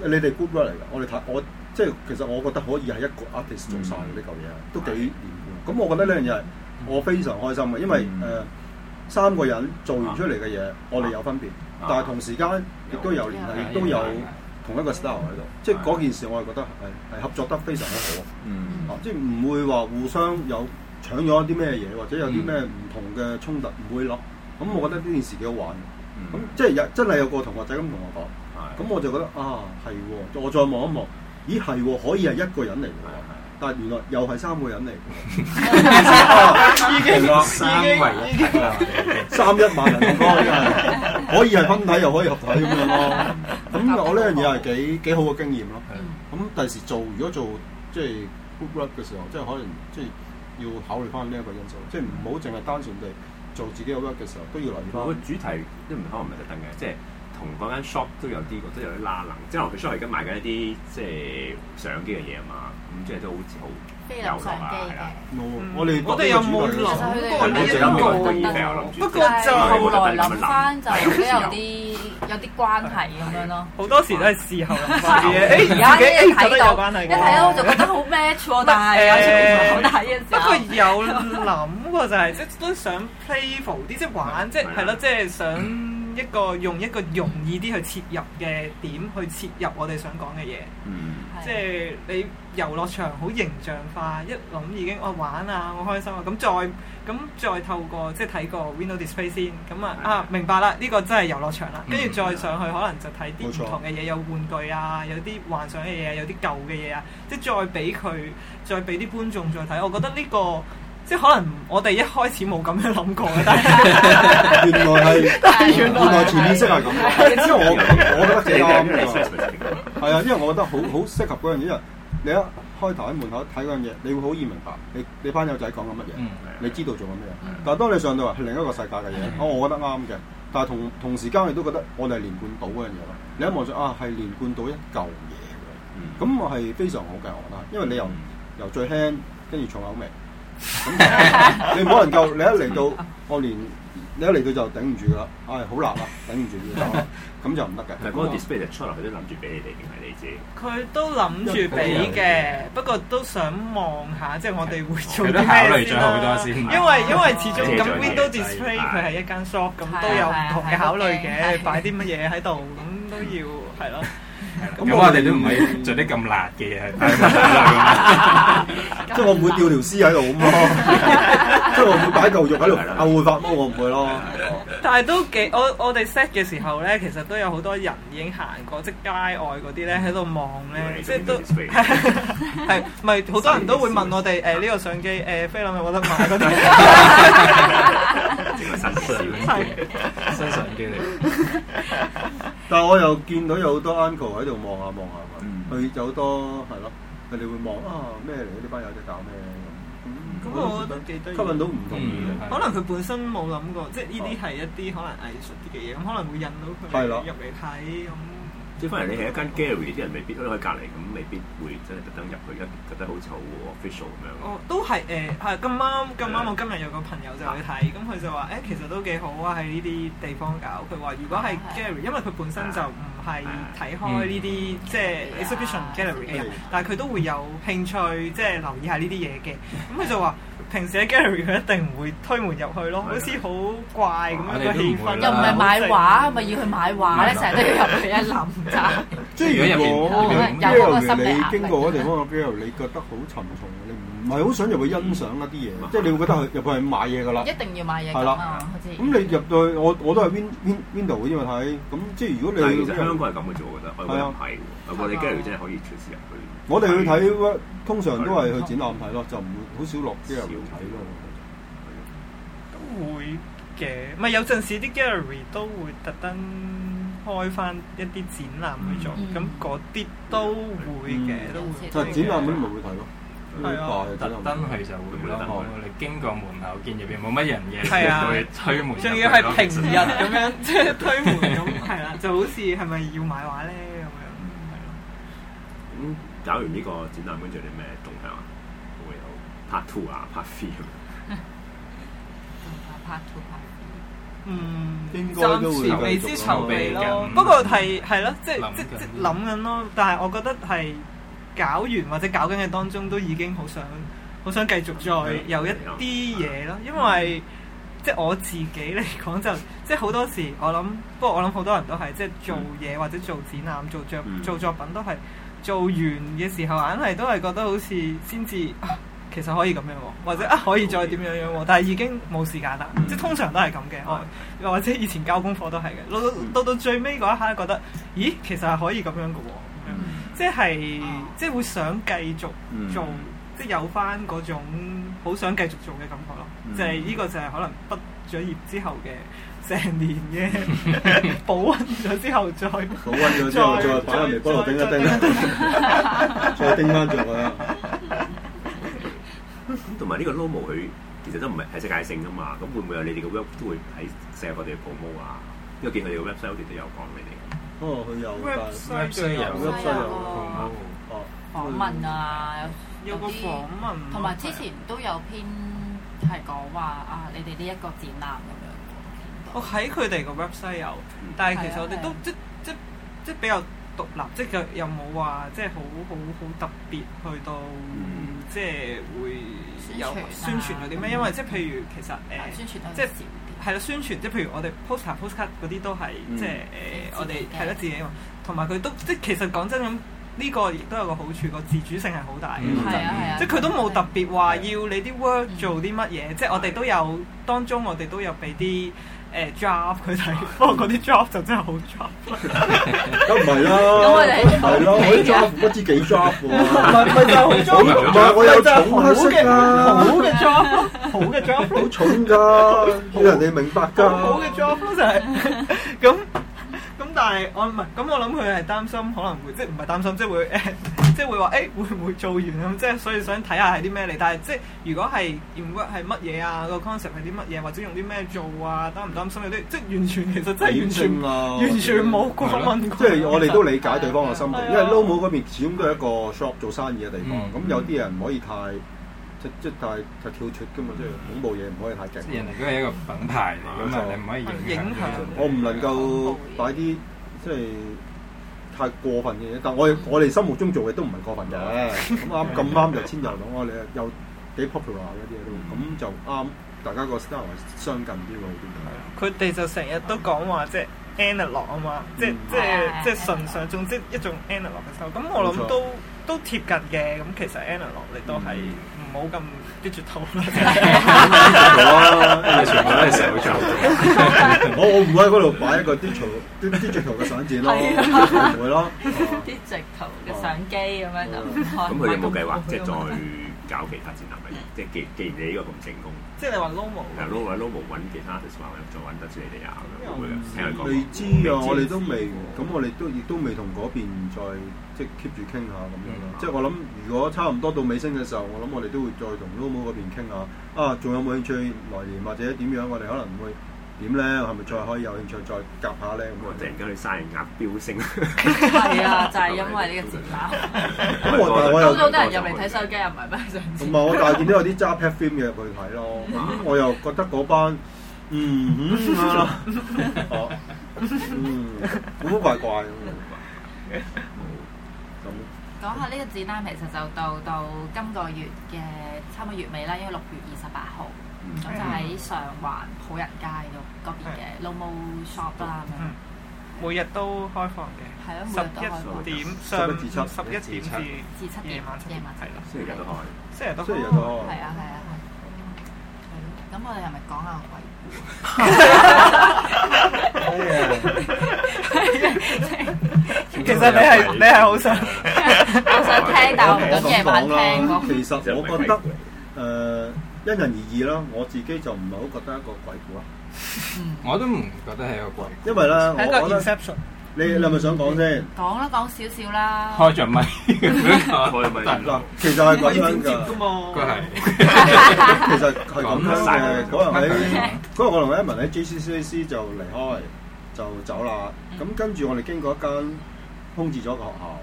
你哋 group 嚟㗎。我哋睇我。我我即係其實我覺得可以係一個 artist 做晒嗰啲嚿嘢，都幾連貫。咁我覺得呢樣嘢係我非常開心嘅，因為誒三個人做完出嚟嘅嘢，我哋有分別，但係同時間亦都有聯繫，亦都有同一個 style 喺度。即係嗰件事，我係覺得係合作得非常之好，即係唔會話互相有搶咗一啲咩嘢，或者有啲咩唔同嘅衝突，唔會咯。咁我覺得呢件事幾好玩。咁即係有真係有個同學仔咁同我講，咁我就覺得啊係喎，我再望一望。咦係喎，可以係一個人嚟喎，但係原來又係三個人嚟，啊，已經三維啦，三一萬人嘅歌真係，可以係分體又可以合體咁樣咯。咁我呢樣嘢係幾幾好嘅經驗咯。咁第時做如果做即係 good work 嘅時候，即係可能即係要考慮翻呢一個因素，即係唔好淨係單純地做自己嘅 work 嘅時候，都要留意翻個主題都唔可能唔係特登嘅，即係。同嗰間 shop 都有啲覺得有啲拉冷。即係佢 shop 而家賣緊一啲即係相機嘅嘢啊嘛，咁即係都好似好。飛行相機嘅。我我哋我哋有冇諗過？不過就後來諗翻就都有啲有啲關係咁樣咯。好多時都係事後諗翻嘅。誒而家一睇就一睇我就覺得好 match 喎。但係誒不過有諗過，就係即都想 playful 啲，即係玩，即係係咯，即係想。一個用一個容易啲去切入嘅點去切入我哋想講嘅嘢，嗯、即係你遊樂場好形象化，一諗已經哦玩啊好開心啊，咁再咁再透過即係睇個 window display 先，咁的啊啊明白啦，呢個真係遊樂場啦，跟住、嗯、再上去可能就睇啲唔同嘅嘢，錯有玩具啊，有啲幻想嘅嘢、啊，有啲舊嘅嘢啊，即係再俾佢再俾啲觀眾再睇，我覺得呢個。即可能我哋一開始冇咁樣諗過，但係原來係，但係原來潛意識係咁。因為我我覺得幾啱嘅，係啊，因為我覺得好好適合嗰樣嘢。因為你一開頭喺門口睇嗰樣嘢，你會好易明白你你班友仔講緊乜嘢，你知道做緊咩。但係當你上到係另一個世界嘅嘢，我覺得啱嘅。但係同同時間，我亦都覺得我哋係連貫到嗰樣嘢咯。你一望住啊，係連貫到一嚿嘢嘅，咁我係非常好嘅我覺得，因為你由由最輕跟住重口味。咁你冇能夠，你一嚟到澳聯，你一嚟到就頂唔住噶啦，唉、哎，好辣啊，頂唔住呢個，咁就唔得嘅。係 Window Display 出嚟，佢都諗住俾你哋，定係你知？佢都諗住俾嘅，不過都想望下，即係我哋會做考啲咩先咯、啊。因為因為始終咁 Window Display 佢係 一間 shop，咁、 啊 嗯、都有唔同嘅考慮嘅，擺啲乜嘢喺度，咁都要係咯。咁我哋都唔係著啲咁辣嘅嘢，即係我唔會吊條絲喺度咁咯，即係我唔會擺嚿肉喺度。我會發毛，我唔會咯。但係都幾，我我哋 set 嘅時候咧，其實都有好多人已經行過即係街外嗰啲咧喺度望咧，即係都係咪好多人都會問我哋誒呢個相機誒菲林有冇得買嗰啲？新相機，新相機嚟。但係我又見到有好多 uncle 喺度望下望下，佢有好多係咯，佢哋會望啊咩嚟？呢班友仔搞咩咁？嗯、我覺得吸引到唔同嘅，嗯，可能佢本身冇諗過，嗯、即係呢啲係一啲可能藝術啲嘅嘢，咁可能會引到佢入嚟睇咁。即係翻你係一間 gallery，啲人未必開喺隔離，咁未必會真係特登入去，一覺得好似好，official 咁樣。哦，都係誒，係咁啱咁啱，的我今日有個朋友就去睇，咁佢的、嗯、就話：誒、欸，其實都幾好啊，喺呢啲地方搞。佢話：如果係 gallery，因為佢本身就唔係睇開呢啲即係的、嗯、exhibition gallery 嘅人，的但係佢都會有興趣，即、就、係、是、留意下呢啲嘢嘅。咁、嗯、佢就話。平時喺 Gallery 佢一定唔會推門入去咯，好似好怪咁樣嘅氣氛，又唔係買畫，咪要去買畫咧，成日都要入去一諗咋。即係如果即係譬如你經過嗰地方，譬如你覺得好沉重，你唔係好想入去欣賞一啲嘢，即係你會覺得佢入去係買嘢㗎啦。一定要買嘢嘅嘛，好似。咁你入到去，我我都係 Win Win Window 嗰啲咪睇，咁即係如果你其實香港係咁嘅啫，我覺得。係啊，係。不過你 Gallery 真係可以隨時入去。我哋去睇通常都係去展覽睇咯，就唔會好少落啲人去睇咯。都會嘅，唔係有陣時啲 gallery 都會特登開翻一啲展覽去做，咁嗰啲都會嘅，都會。就展覽你冇去睇咯，係啊，特登去就會啦。你經過門口見入邊冇乜人嘅，係啊，推門。仲要係平日咁樣，即係推門咁，係啦，就好似係咪要買畫咧咁樣。嗯。搞完呢個展覽，跟住有啲咩動向啊？會有 part two 啊，part three 咁。唔怕 part two，part three。嗯，應該都會有繼續嘅。暫時未知籌備咯，不過係係咯，即即即諗緊咯。但係我覺得係搞完或者搞緊嘅當中，都已經好想好想繼續再有一啲嘢咯。因為即係我自己嚟講，就即、係、好多時我諗，不過我諗好多人都係即、就係、做嘢或者做展覽、做作、嗯、做作品都係。做完嘅時候，硬係都係覺得好似先至，其實可以咁樣喎，或者啊可以再點樣樣喎，但係已經冇時間啦。嗯、即係通常都係咁嘅，又、嗯啊、或者以前交功課都係嘅。到到到、嗯、到最尾嗰一刻，覺得咦，其實係可以咁樣嘅喎，即係即係會想繼續做，嗯、即係有翻嗰種好想繼續做嘅感覺咯。嗯、就係呢個就係可能畢咗業之後嘅。成年嘅保溫咗之後再保溫咗之後再再擺喺微波爐叮一叮啦，再叮翻仲有。咁同埋呢個 logo 佢其實都唔係喺世界性噶嘛，咁會唔會有你哋嘅 web 都會喺世界各地 promo 啊？因為見到有 website 好似有講你哋，哦佢有 website 有 website 有，哦訪問啊，有個訪問。同埋之前都有篇係講話啊，你哋呢一個展覽。我喺佢哋個 website 有，但係其實我哋都即即即比較獨立，即又又冇話即好好好特別去到即會有宣傳嗰啲咩？因為即譬如其實誒，即少啲係啦，宣傳即譬如我哋 poster、postcard 嗰啲都係即誒，我哋係咯自己喎，同埋佢都即其實講真咁，呢個亦都有個好處，個自主性係好大嘅，即佢都冇特別話要你啲 work 做啲乜嘢，即我哋都有當中，我哋都有俾啲。誒 job 佢睇，不過嗰啲 job 就真係好 job，都唔係啦，咁我哋係咯，我啲 job 不知幾 job 喎，唔係，唔係我有重，唔係我有好重黑色㗎，好嘅 job，好嘅 job，好重㗎，要人哋明白㗎，好嘅 job 就係咁。但係我唔係，咁我諗佢係擔心可能會，即係唔係擔心，即係會誒、呃，即係會話誒、欸，會唔會做完咁？即係所以想睇下係啲咩嚟？但係即係如果係鹽骨係乜嘢啊？個 concept 係啲乜嘢？或者用啲咩做啊？擔唔擔心有啲，即係完全其實真係完全、啊、完全冇過問過。即係、啊、我哋都理解對方嘅心情，因為 Lowmo 嗰邊始終都係一個 shop 做生意嘅地方，咁、嗯、有啲人唔可以太。即即但係就跳出㗎嘛，即係恐怖嘢唔可以太勁。即人哋都係一個品牌嘛，咁啊唔可以影響。我唔能夠擺啲即係太過分嘅嘢。但係我我哋心目中做嘅都唔係過分嘅。咁啱咁啱又遷就咗我哋，又幾 popular 嗰啲嘢咯。咁就啱大家個 style 係相近啲喎，啲咁。佢哋就成日都講話即係 analogue 啊嘛，即即即純粹總之一種 analogue 嘅收。咁我諗都都貼近嘅。咁其實 analogue 你都係。冇咁 digital 啦，全部都係手抓嘅。我我唔喺嗰度擺一個 digital digital 嘅相機咯，唔會咯。digital 嘅相機咁樣就唔開。咁佢冇計劃，即係再。搞其他展覽咪？即係既，既然你呢個咁成功，即係你話 Lomo、嗯。係 Lomo、Lomo 揾其他 artist 再揾得住你哋啊！會唔會啊？聽未知啊，我哋都未，咁我哋都亦都未同嗰邊再即係 keep 住傾下咁樣。即係我諗，如果差唔多到尾聲嘅時候，我諗我哋都會再同 Lomo 嗰邊傾下。啊，仲有冇興趣來年或者點樣？我哋可能會。點咧？係咪再可以有興趣再夾下咧？咁啊，突然間你晒人額飆升。係啊，就係因為呢個展覽。咁我又，我好多人都係入嚟睇手機，又唔係咩想。同埋我大見都有啲揸 Pad film 嘅入去睇咯。咁我又覺得嗰班，嗯，好，嗯，古怪怪咁。咁講下呢個展覽，其實就到到今個月嘅差唔多月尾啦，因為六月二十八號。咁就喺上環好人街嗰邊嘅老帽 shop 啦，每日都開放嘅。十一點上至七十一點至至七點晚七點晚係啦，星期日都開，星期日都開，係啊係啊係。咁我哋係咪講下鬼？其實你係你係好想好想聽，但係唔知夜晚聽。其實我覺得。因人而異咯，我自己就唔係好覺得一個鬼故啊，我都唔覺得係一個鬼故。因為咧，我覺得你你係咪想講先？講啦，講少少啦。開著咪，我又咪唔得。其實係講天接嘅嘛，佢係。其實係咁嘅，嗰日喺嗰日我同阿一文喺 JCCAC 就離開就走啦。咁跟住我哋經過一間空置咗嘅學校。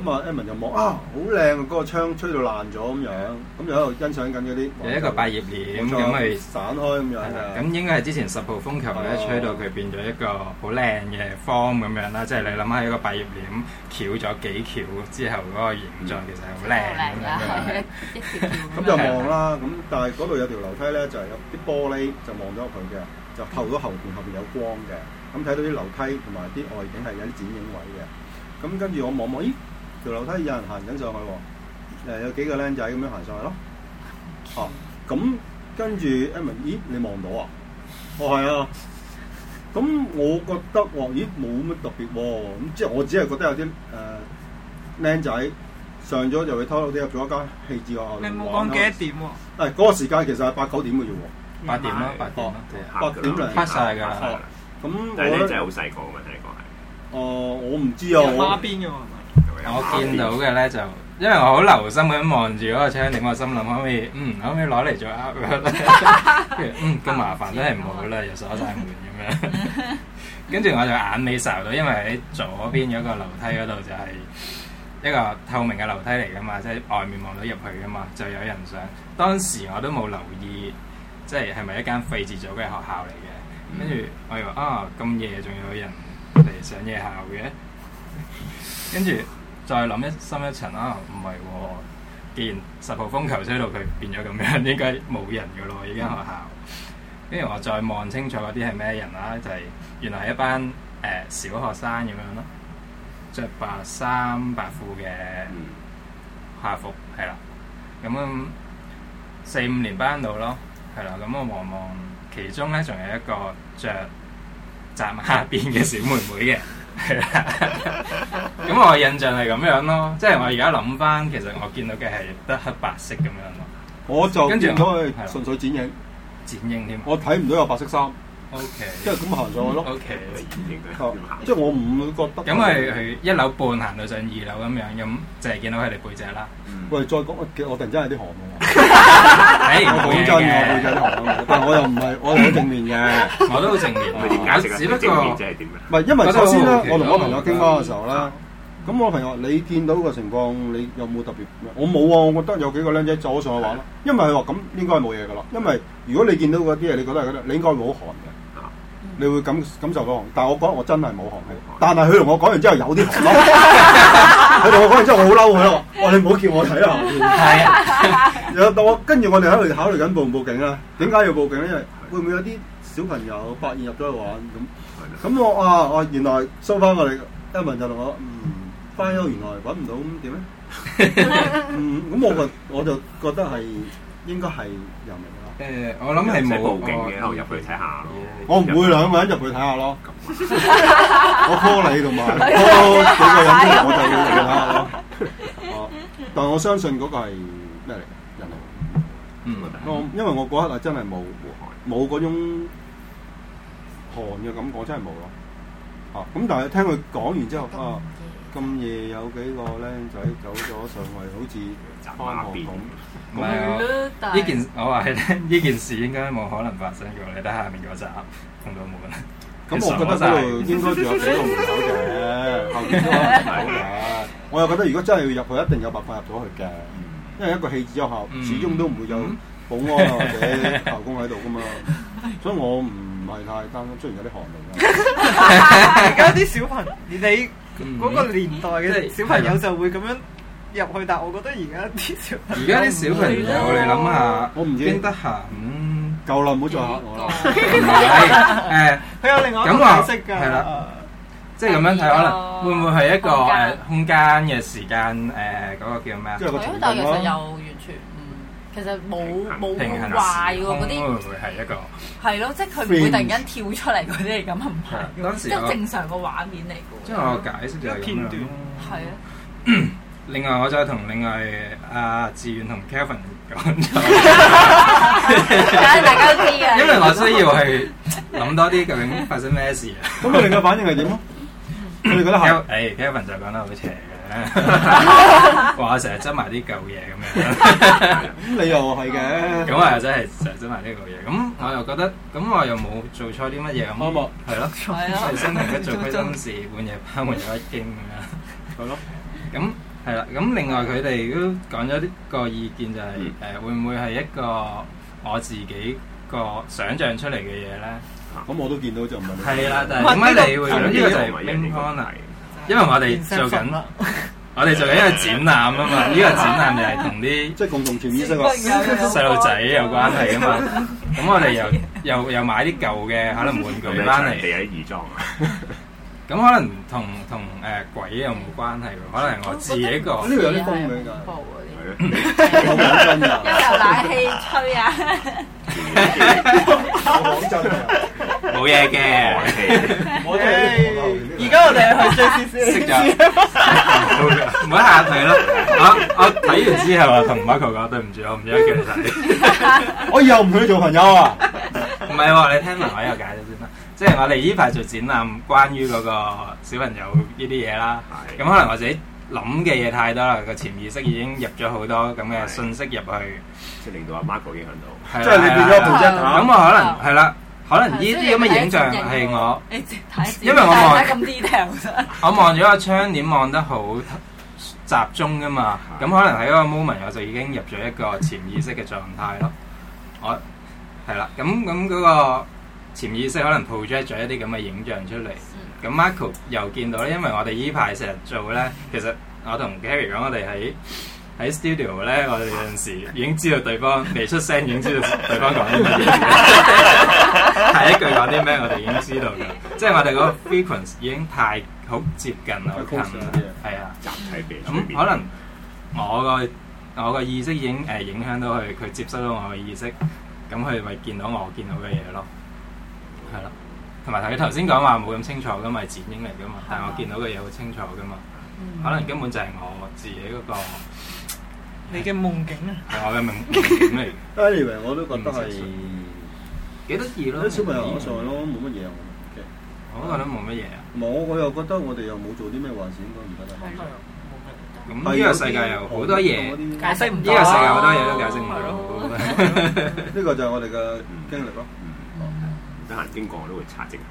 咁啊，Emin 就望啊，好靚啊！嗰個窗吹到爛咗咁樣，咁就喺度欣賞緊嗰啲，有一個百葉簾咁係散開咁樣。咁應該係之前十號風球咧，吹到佢變咗一個好靚嘅方咁樣啦。即係你諗下一個百葉簾翹咗幾翹之後嗰個形象，其實好靚咁樣。咁就望啦。咁但係嗰度有條樓梯咧，就係有啲玻璃就望到佢嘅，就透到後邊，後邊有光嘅。咁睇到啲樓梯同埋啲外景係有啲剪影位嘅。咁跟住我望望，咦？條樓梯有人行緊上去，誒，有幾個靚仔咁樣行上去咯，吓，咁跟住，一問，咦，你望到啊？哦，係啊，咁我覺得，哇，咦，冇乜特別，咁即係我只係覺得有啲誒靚仔上咗就會偷偷哋入咗一間戲院啊，你冇講幾多點喎？係嗰個時間其實係八九點嘅啫，八點啦，八點啦，八點嚟，黑晒噶，咁，但係僆仔好細個嘅嘛，第一個係，哦，我唔知啊，花邊嘅嘛。我見到嘅咧就，因為我好留心咁望住嗰個窗，令我心諗可唔可以，嗯，可唔可以攞嚟做鴨腳，跟住嗯，咁、嗯、麻煩真係唔好啦，又鎖晒門咁樣，跟 住我就眼尾受到，因為喺左邊嗰個樓梯嗰度就係一個透明嘅樓梯嚟噶嘛，即係外面望到入去噶嘛，就有人上。當時我都冇留意，即係係咪一間廢置咗嘅學校嚟嘅，跟住我又話啊，咁夜仲有人嚟上夜校嘅，跟住。再諗一深一層啦，唔係喎，既然十號風球吹到佢變咗咁樣，應該冇人嘅咯？呢間學校，跟住我再望清楚嗰啲係咩人啦、啊，就係、是、原來係一班誒、呃、小學生咁樣咯，着白衫白褲嘅校服，係啦，咁、嗯、四五年班度咯，係啦，咁、嗯、我望望其中咧，仲有一個着站下邊嘅小妹妹嘅。係啦，咁 我印象係咁樣咯，即係我而家諗翻，其實我見到嘅係得黑白色咁樣咯。我就跟住我係純粹剪影，剪影添。我睇唔到有白色衫。O Okay , K，即係咁行咗去咯。O K，即係我唔會覺得。咁係佢一樓半行到上二樓咁樣，咁、嗯、就係見到佢哋背脊啦。嗯、喂，再講，我突然之間有啲寒 哎、我講真我背嘅， 但係我又唔係，我好正面嘅， 我都好正面。佢點解？天只不過唔係，因為首先我同我朋友傾偈嘅時候咧，咁我朋友你見到個情況，你有冇特別？我冇啊。我覺得有幾個僆仔走咗上去玩咯。因為佢話咁應該係冇嘢噶啦。因為如果你見到嗰啲嘢，你覺得覺得，你應該冇寒嘅。你會感感受到，但係我覺得我真係冇行氣。但係佢同我講完之後有啲行，佢同我講完之後我好嬲佢咯，我話你唔好叫我睇啊。係。有當跟住我哋喺度考慮緊報唔報警啊？點解要報警咧？因為會唔會有啲小朋友發現入咗去玩咁？係啦。咁我啊啊原來收翻我哋，阿文就同我嗯花休，原來揾唔到，咁點咧？嗯咁我就我就覺得係應該係有。誒，我諗係冇嘅，我入去睇下咯。我唔會兩個人入去睇下咯。我 call 你同埋 call 幾個人，我就要睇下咯。哦，但我相信嗰個係咩嚟？人嚟。因為我嗰一刻真係冇冇嗰種寒嘅感覺，真係冇咯。啊，咁但係聽佢講完之後，啊。咁夜有幾個僆仔走咗上去，好似閂門咁。唔係啊！呢件我話係咧，呢件事應該冇可能發生嘅。你睇下面個閂通到門。咁我覺得呢度應該仲有幾個門口嘅。我又覺得如果真係要入去，佢一定有辦法入到去嘅。因為一個棄置學校，始終都唔會有保安或者校工喺度噶嘛。所以我唔係太擔心，雖然有啲寒門。而家啲小朋友。嗰個年代嘅小朋友就會咁樣入去，但係我覺得而家啲小朋友，而家啲小朋友你諗下，我唔知邊得閒，嗯，夠耐唔好再，夠耐。誒，佢有另外一種形式㗎，係啦，即係咁樣睇可能會唔會係一個誒空間嘅時間，誒嗰個叫咩？但係其實又完全。其實冇冇壞喎，嗰啲係咯，即係佢唔會突然間跳出嚟嗰啲係咁，唔係即係正常個畫面嚟嘅。即係我解釋就係咁樣，係啊。另外，我再同另外阿志遠同 Kevin 講咗，講俾大家知嘅。因為我需要係諗多啲究竟發生咩事啊？咁佢哋嘅反應係點啊？你哋覺得係？誒，Kevin 就講得，好似～誒，話成日執埋啲舊嘢咁樣，咁你又係嘅，咁我又真係成日執埋啲舊嘢，咁我又覺得，咁我又冇做錯啲乜嘢咁，係咯，做虧心事半夜敲門有一驚咁樣，係咯，咁係啦，咁另外佢哋都講咗啲個意見就係誒，會唔會係一個我自己個想像出嚟嘅嘢咧？咁我都見到就唔係，係啦，但係點解你會用呢個作為一面？因為我哋做緊啦，我哋做緊一個展覽啊嘛，呢個展覽係同啲即係共同潮醫生個細路仔有關係啊嘛，咁我哋又又又買啲舊嘅可能玩具翻嚟。地有啲義裝啊，咁可能同同誒鬼又冇關係喎，可能我自己個呢度有啲布啊，布嗰啲。哈哈哈哈哈！有冷氣吹啊，哈哈哈哈哈！冇嘢嘅，哈哈哈哈哈！冇嘢。我哋去追先先，識噶，唔好下下睇咯。我我睇完之後，我同 Mark 講：對唔住，我唔應該睇。我又唔同你做朋友啊！唔係喎，你聽埋我呢個解釋先啦。即係我哋依排做展覽關於嗰個小朋友呢啲嘢啦。咁可能我自己諗嘅嘢太多啦，個潛意識已經入咗好多咁嘅信息入去，即係令到阿 Mark 影響到，即係你變咗配角。咁啊，可能係啦。可能呢啲咁嘅影像係我，因為我望， 我望咗個窗簾望得好集中噶嘛，咁 可能喺嗰個 moment 我就已經入咗一個潛意識嘅狀態咯。我係啦，咁咁嗰個潛意識可能 project 咗一啲咁嘅影像出嚟。咁 Michael 又見到咧，因為我哋呢排成日做咧，其實我同 Gary 講，我哋喺。喺 studio 咧，我哋有陣時已經知道對方未出聲，已經知道對方講啲乜嘢。下 一句講啲咩，我哋已經知道嘅，即係我哋嗰個 frequency 已經太好接近啦，好近，係啊，集體病咁可能我個我個意識已經誒、呃、影響到佢，佢接收到我嘅意識，咁佢咪見到我見到嘅嘢咯，係啦，同埋佢頭先講話冇咁清楚噶嘛，係剪影嚟噶嘛，但係我見到嘅嘢好清楚噶嘛，嗯、可能根本就係我自己嗰、嗰個。你嘅夢境啊？係我嘅夢境？啊！而家我都覺得係幾得意咯，啲小朋友上嚟咯，冇乜嘢，我覺得冇乜嘢啊。冇，我又覺得我哋又冇做啲咩壞事，應該唔得。咁呢個世界有好多嘢，解釋唔到。呢個世界好多嘢都解釋唔到。呢個就係我哋嘅經歷咯。唔得閒經過我都會擦即下。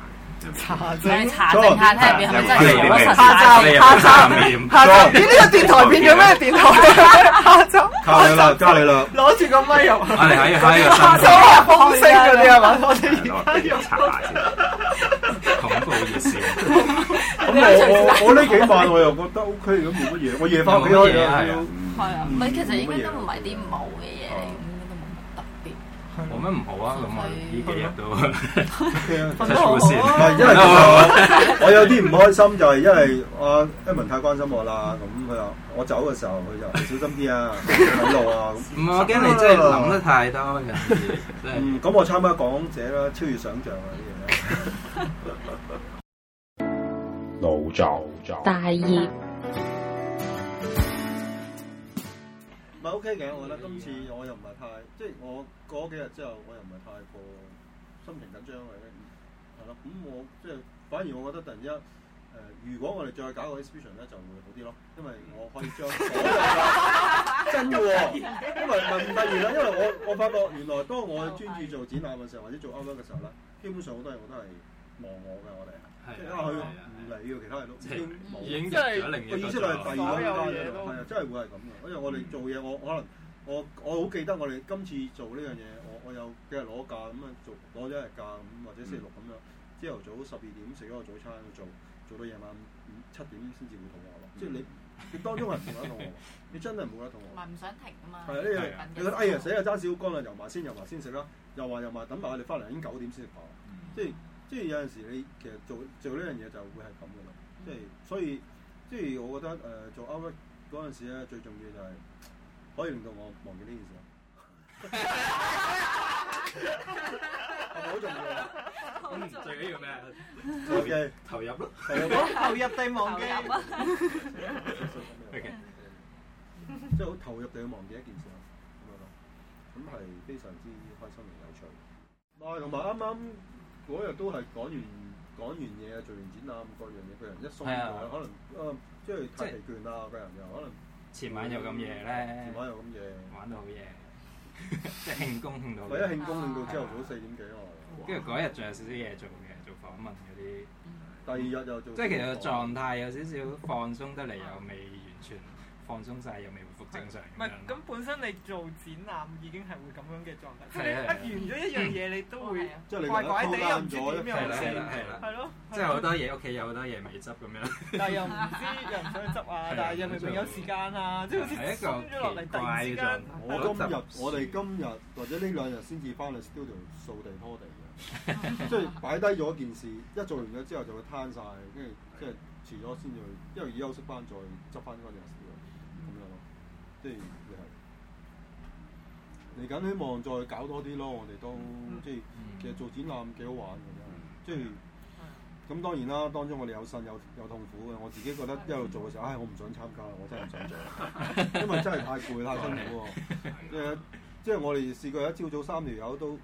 查下先，查下睇下變咗咩樣。下晝，下晝，下晝，呢個電台變咗咩電台？下晝，我落交你啦。攞住個咪入。下晝係放聲嗰啲啊嘛，放聲。我哋要查下先，恐怖嘅事。咁我我呢幾晚我又覺得 OK，如果冇乜嘢。我夜翻屋企啊，係啊，唔係其實應該都唔係啲唔好嘅嘢。冇乜唔好啊，咁 Okay, 啊，呢幾日都，分手先，唔係，因為我，我有啲唔開心，就係因為阿 Evan、 啊、太關心我啦，咁佢又，我走嘅時候，佢就小心啲啊，喺路啊，唔，我驚你真係諗得太多嘅， 就是、嗯，咁我參加講者啦，超越想象啊，啲嘢， 老早就，大熱。OK 嘅，嗯、我覺得今次我又唔係太，嗯、即係我嗰幾日之後，我又唔係太過心情緊張嘅咧，係、嗯、咯，咁、嗯、我即係反而我覺得突然之間、呃，如果我哋再搞個 exhibition 咧，就會好啲咯，因為我可以將所有真嘅喎，嗯、因為唔係唔係原啦，因為我我發覺原來當我專注做展覽嘅時候，或者做歐洲嘅時候咧，基本上好多嘢我都係忘我嘅，我哋。因為佢唔理，其他人都已經冇。即係個意思係第二，係啊，真係會係咁嘅。因為我哋做嘢，我可能我我好記得我哋今次做呢樣嘢，我我有幾日攞假咁啊，做攞咗日假咁，或者星期六咁樣。朝頭早十二點食咗個早餐，做做到夜晚七點先至會肚餓。即係你，你當中係唔會得肚餓，你真係唔會得肚餓。唔想停啊嘛。係啊，呢樣你哎呀死啊揸少光啦，油話先油話先食啦，又話又話等埋我哋翻嚟已經九點先食飯，即係。即係有陣時你其實做做呢樣嘢就會係咁嘅咯，即係所以即係我覺得誒做 artist 嗰陣時咧，最重要就係可以令到我忘記呢件事。係咪好重要？最緊要咩？投入咯，投入地忘記。即係好投入地忘記一件事咁樣咯，咁係非常之開心同有趣。咪同埋啱啱。嗰日都係講完講完嘢啊，做完展覽各樣嘢，個人一鬆完，可能誒，即係太疲倦啦，個人又可能前晚又咁夜咧，前晚又咁夜，玩到好夜，即係慶功慶到，為咗慶功慶到朝頭早四點幾喎，跟住嗰日仲有少少嘢做嘅，做訪問嗰啲，第二日又做，即係其實個狀態有少少放鬆得嚟，又未完全。放鬆晒，又未回復正常。唔係，咁本身你做展覽已經係會咁樣嘅狀態。完咗一樣嘢，你都會。即係你都怪怪哋又唔做。係係啦，係啦。係咯。即係好多嘢，屋企有好多嘢未執咁樣。但係又唔知，又唔想去執啊！但係又明明有時間啊，即係好似放咗落嚟突然之間。我今日我哋今日或者呢兩日先至翻嚟 studio 掃地拖地嘅，即係擺低咗件事，一做完咗之後就會攤晒。跟住即係遲咗先至，因為要休息翻再執翻嗰樣。即係嚟緊，希望再搞多啲咯。我哋都即係其實做展覽幾好玩嘅，真係。即係咁當然啦，當中我哋有辛有有痛苦嘅。我自己覺得一路做嘅時候，唉，我唔想參加，我真係唔想做， 因為真係太攰太辛苦喎。誒， 即係我哋試過一朝早三條友都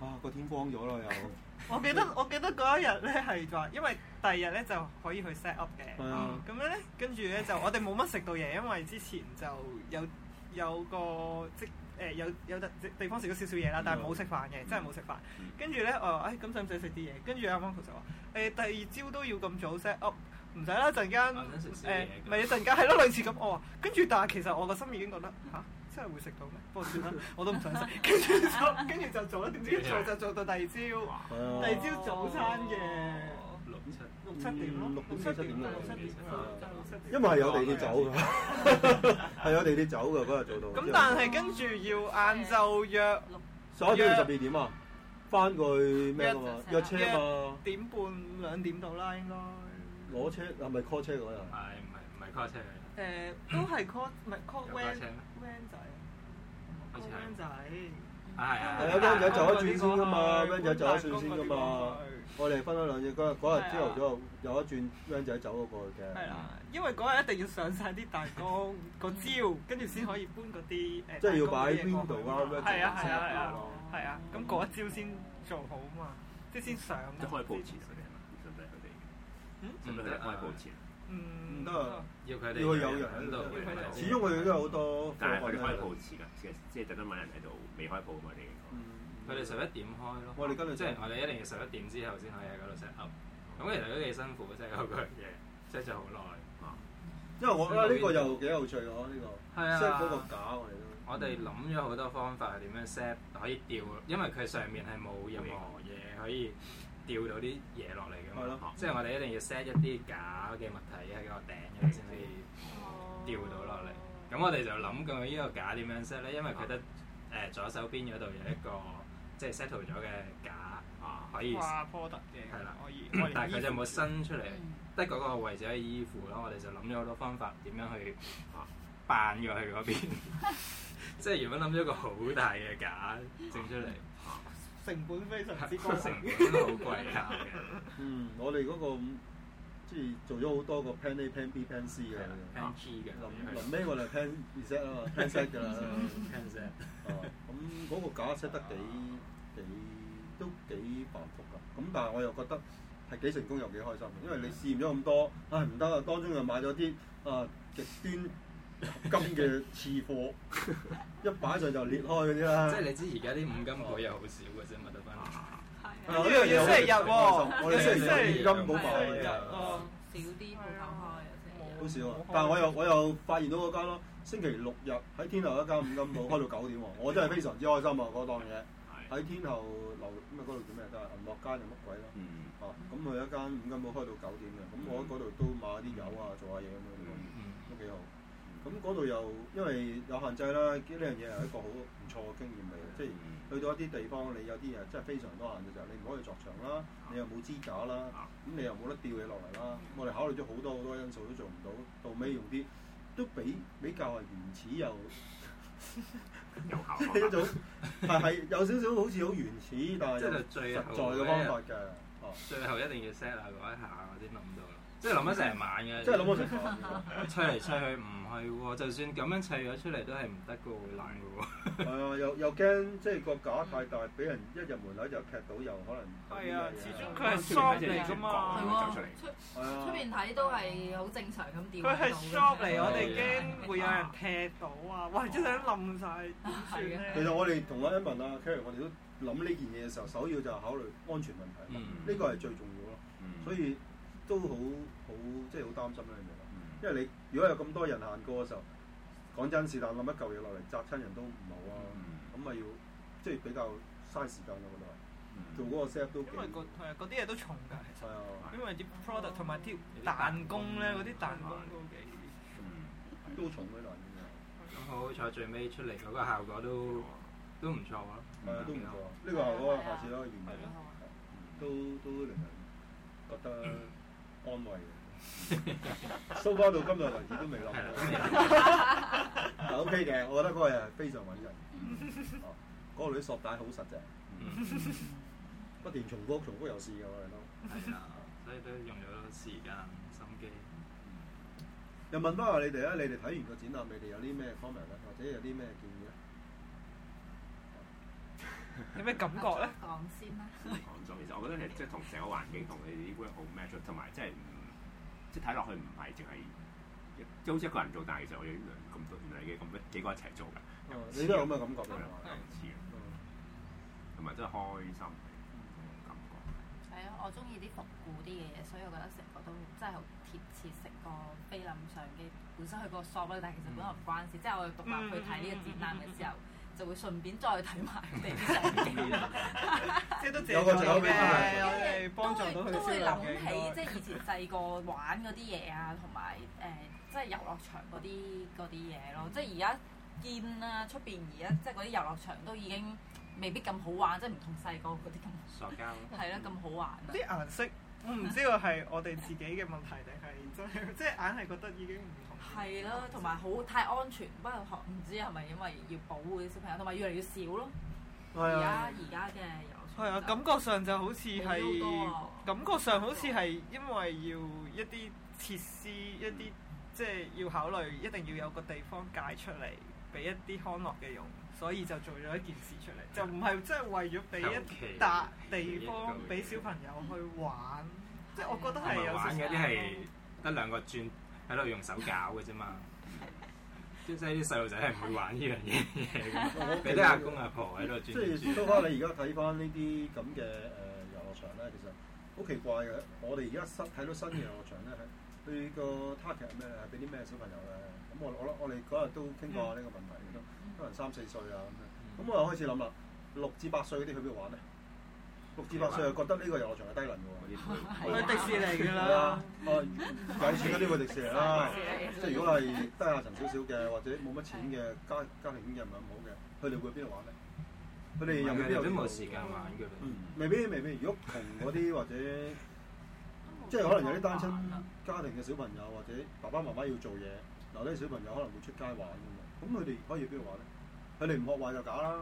啊，個天光咗啦又。我記得我記得嗰一日咧係話，因為第二日咧就可以去 set up 嘅，咁樣咧跟住咧就我哋冇乜食到嘢，因為之前就有有個即誒、呃、有有地方食咗少少嘢啦，但係冇食飯嘅，嗯、真係冇食飯。跟住咧我話誒，咁使唔使食啲嘢？跟住阿 Marco 就話誒，第二朝都要咁早 set up，唔使啦，陣間誒，咪陣間係咯，類似咁。我話跟住，但係其實我個心已經覺得嚇。啊真係會食到咩？不過算啦，我都唔想食。跟住做，跟住就做，點知一做就做到第二朝，第二朝早餐嘅六七、六七點、六點幾、七點六，因為係有地鐵走㗎，係有地鐵走㗎嗰日做到。咁但係跟住要晏晝約十一點到十二點啊，翻過去咩㗎嘛？約車嘛，一點半兩點到啦應該。攞車啊？唔係 call 車嗰日。係唔係唔係 call 車？誒，都係 call 唔係 call van。靚仔，好似係，啊係啊，係啊，靚仔就一轉先噶嘛，靚仔就一轉先噶嘛，我哋分咗兩隻崗，嗰日朝頭早有一轉靚仔走嗰個嘅。係啦，因為嗰日一定要上晒啲蛋糕個招，跟住先可以搬嗰啲誒。即係要擺喺邊度啊？靚仔，係啊係啊係啊，係啊，咁嗰一招先做好啊嘛，即係先上。一開鋪前先啊，準備佢哋，準備一開鋪前。嗯，得啊行！要佢哋要有人喺度，等等始終佢哋都有好多。但係佢開鋪遲㗎，其實、嗯、即係特登揾人喺度未開鋪嘛，啲人。佢哋十一點開咯。我哋今日即係我哋一定要十一點之後先可以喺嗰度 set up。咁其實都幾辛苦，嘅，即係嗰個嘢即 e t 好耐。因為我覺得呢個又幾有趣咯，呢個 set 嗰個搞。我哋都。諗咗好多方法係點樣 set，可以吊，因為佢上面係冇任何嘢可以。嗯吊到啲嘢落嚟咁， 即係我哋一定要 set 一啲架嘅物體喺個頂咁先可以吊 到落嚟。咁我哋就諗緊呢個架點樣 set 咧，因為佢得誒左手邊嗰度有一個即係 set 咗嘅架，啊，可以係 啦，可以。 但係佢就冇伸出嚟，得嗰 個位置可以依附咯。我哋就諗咗好多方法點樣去扮過去嗰邊， 即係原本諗咗一個好大嘅架整出嚟。 成本非常之高， 成本好貴啊！ 嗯，我哋嗰、嗰個即係做咗好多個 Plan A、yeah, Plan B、 Plan C 嘅 Plan 嘅，臨尾我就 Plan Reset 啦 Plan Reset 嘅啦，Plan Reset。哦，咁嗰個假設得幾 幾都幾繁複㗎，咁但係我又覺得係幾成功又幾開心，因為你試驗咗咁多，唉唔得啊，當中又買咗啲啊極端。金嘅次貨一擺上就裂開嗰啲啦，即係你知而家啲五金鋪又好少嘅啫，賣得翻。呢樣嘢，星期日喎，星期六五金冇賣嘅。少啲冇得開，都少啊。但係我又我又發現到嗰間咯，星期六日喺天后一間五金鋪開到九點喎，我真係非常之開心啊！嗰檔嘢喺天后樓，嗰度叫咩？叫銀幕街定乜鬼咯？咁佢一間五金鋪開到九點嘅，咁我喺嗰度都買啲油啊，做下嘢咁樣，都幾好。咁嗰度又因為有限制啦，呢樣嘢係一個好唔錯嘅經驗嚟嘅， 即係去到一啲地方，你有啲嘢真係非常多限嘅時候，你唔可以作場啦，你又冇支架啦，咁、 嗯、你又冇得吊起落嚟啦。我哋考慮咗好多好多因素都做唔到，到尾用啲都比比較係原始又有， 有效呢一種，係有少少好似好原始，但係真係最實在嘅方法嘅。 最後一定要 set 下嗰下，我先諗到。即係諗咗成晚嘅，即係諗咗成晚，砌嚟砌去唔係喎，就算咁樣砌咗出嚟都係唔得嘅喎，爛嘅喎。係啊，又又驚，即係個架太大，俾人一入門口就踢到，又可能。係啊，始終佢係 shop 嚟㗎嘛，係喎。出出面睇都係好正常咁，點？佢係 shop 嚟，我哋驚會有人踢到啊！哇，真想冧曬。係啊。其實我哋同阿 Evan、阿 Kerry，我哋都諗呢件嘢嘅時候，首要就考慮安全問題，呢個係最重要咯。所以。都好好，即係好擔心呢。啦，因為你如果有咁多人行過嘅時候，講真，是但冧一嚿嘢落嚟砸親人都唔好啊，咁咪要即係比較嘥時間。我覺得做嗰個 set 都幾好。因為嗰啲嘢都重㗎，其實因為啲 product 同埋啲彈弓咧，嗰啲彈弓都幾都重嘅來源。咁好彩最尾出嚟嗰個效果都都唔錯啊！都唔錯。呢個效果下次都可以驗都都令人覺得。安慰嘅，so far 到今日為止都未落，係 OK 嘅。我覺得個個係非常穩陣， 啊嗰個女索帶好實淨，嗯、 不斷重複重複又試嘅我哋都，係啊，所以都用咗時間心機。又問多下你哋啊，你哋睇完個展覽，你哋有啲咩 comment 咧，或者有啲咩建議？ 有咩感覺咧？講先啦。講咗，其實我覺得係即係同成個環境同你哋啲、就是就是、好 match，同埋即係唔即係睇落去唔係淨係即好似一個人做，但係其實我有咁多原嚟嘅咁一幾個一齊做㗎。你都有咁嘅感覺㗎嘛？係啊，同埋真係開心感覺。係啊，我中意啲復古啲嘅嘢，所以我覺得成個都真係好貼切。食個菲林相機，本身佢個 shop，但係其實冇乜關事。即係我獨立去睇呢個展覽嘅時候。嗯嗯嗯嗯嗯嗯就會順便再睇埋地產啲嘢咯，即係都有過嘅，我哋幫助到佢哋諗起，即係 以前細個玩嗰啲嘢啊，同埋誒，即、呃、係、就是、遊樂場嗰啲啲嘢咯。即係而家見啊，出邊而家即係嗰啲遊樂場都已經未必咁好玩，即係唔同細個嗰啲咁。塑膠家。係啦， 咁好玩。啲顏色，我唔知道係我哋自己嘅問題定係 真係，即係硬係覺得已經唔。係咯，同埋好太安全，不過學唔知係咪因為要保護啲小朋友，同埋越嚟越少咯。而家而家嘅遊，係啊、哎，感覺上就好似係、啊、感覺上好似係因為要一啲設施，嗯、一啲即係要考慮，一定要有個地方界出嚟俾一啲康樂嘅用，所以就做咗一件事出嚟，的就唔係即係為咗俾一笪地方俾小朋友去玩，嗯嗯、即係我覺得係有少啲係得兩個轉。喺度用手搞嘅啫嘛，點解啲細路仔係唔會玩呢樣嘢嘅？俾啲 阿公阿婆喺度轉 即是。即係蘇哥，你而家睇翻呢啲咁嘅誒遊樂場咧，其實好奇怪嘅。 我哋而家新睇到新嘅遊樂場咧，係 對個 target 係咩？係俾啲咩小朋友嘅？咁我我我哋嗰日都傾過呢個問題嘅，嗯、可能三四歲啊咁樣。咁 我又開始諗啦，六至八歲嗰啲去邊度玩咧？六至八歲又覺得呢個遊樂場係低能㗎喎，去迪士尼㗎啦，有錢嗰啲去迪士尼啦。即係如果係低下層少少嘅，或者冇乜錢嘅家家庭咁嘅唔係唔好嘅，佢哋會邊度玩咧？佢哋又未必冇時間玩嘅。未必未必，如果窮嗰啲或者即係可能有啲單親家庭嘅小朋友，或者爸爸媽媽要做嘢，留低啲小朋友可能會出街玩㗎嘛。咁佢哋可以去邊度玩咧？佢哋唔學壞就假啦，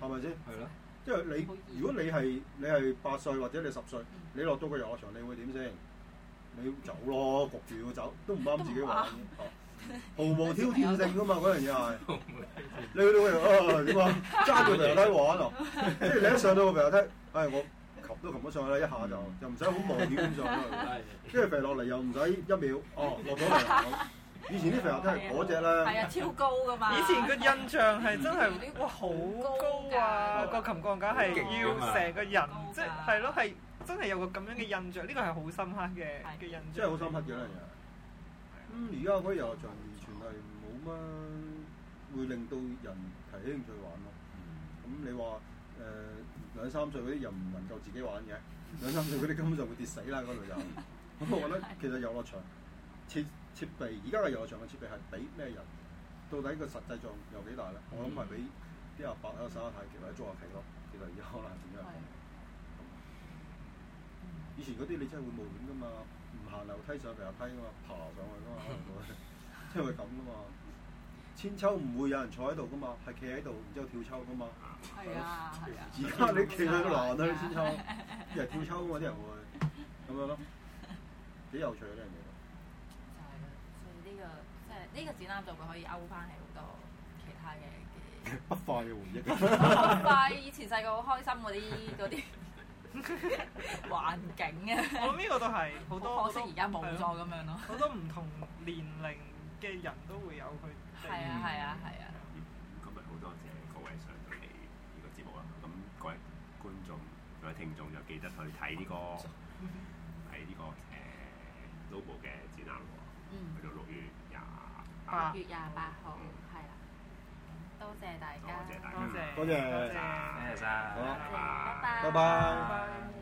係咪先？係咯。即係你，如果你係你係八歲或者你十歲，你落到個遊樂場，你會點先？你走咯，焗住要走，都唔啱自己玩，毫無挑戰性噶嘛，嗰樣嘢係。你去到嗰度啊，點啊，揸住皮球喺度玩咯，即係你一上到個皮球咧，誒我擒都擒咗上去啦，一下就，就唔使好忙點上啦，跟住皮落嚟又唔使一秒，哦落咗嚟啦。以前啲朋友都係嗰隻啦，係啊，超高㗎嘛！以前個印象係真係，哇，好高啊！個鋅鋼架係要成個人，即係係咯，係真係有個咁樣嘅印象，呢個係好深刻嘅嘅印象。真係好深刻嘅啦，又咁而家嗰啲遊樂場完全係冇乜會令到人提起興趣玩咯。咁你話誒兩三歲嗰啲又唔能夠自己玩嘅，兩三歲嗰啲根本就會跌死啦嗰度就。我覺得其實遊樂場設設備，而家嘅遊樂場嘅設備係俾咩人？到底個實際量有幾大咧？嗯、我諗係俾啲阿伯啊、阿嫂、阿太或者租下企咯，其實而家可能變咗，以前嗰啲你真係會冒險噶嘛？唔行樓梯上皮亞梯噶嘛？爬上去噶嘛？即係會咁噶嘛。千秋唔會有人坐喺度噶嘛，係企喺度然之後跳秋噶嘛。係啊係啊。而家你企喺個欄度千秋，啲 人跳秋啊，啲人會咁樣咯，幾有趣嘅。呢個展覽就會可以勾翻起好多其他嘅嘅不快嘅回憶，會不，會 不快，以前細個好開心嗰啲啲環境啊！我諗呢個都係好多 可惜而家冇咗咁樣咯。好多唔同年齡嘅人都會有去。係啊係啊係啊！咁咪好多謝各位上到嚟呢個節目啦！咁各位觀眾各位聽眾就記得去睇呢個。八月廿八號，嗯啊、多謝大家，多謝，多謝，多謝，多謝，多謝晒，拜拜。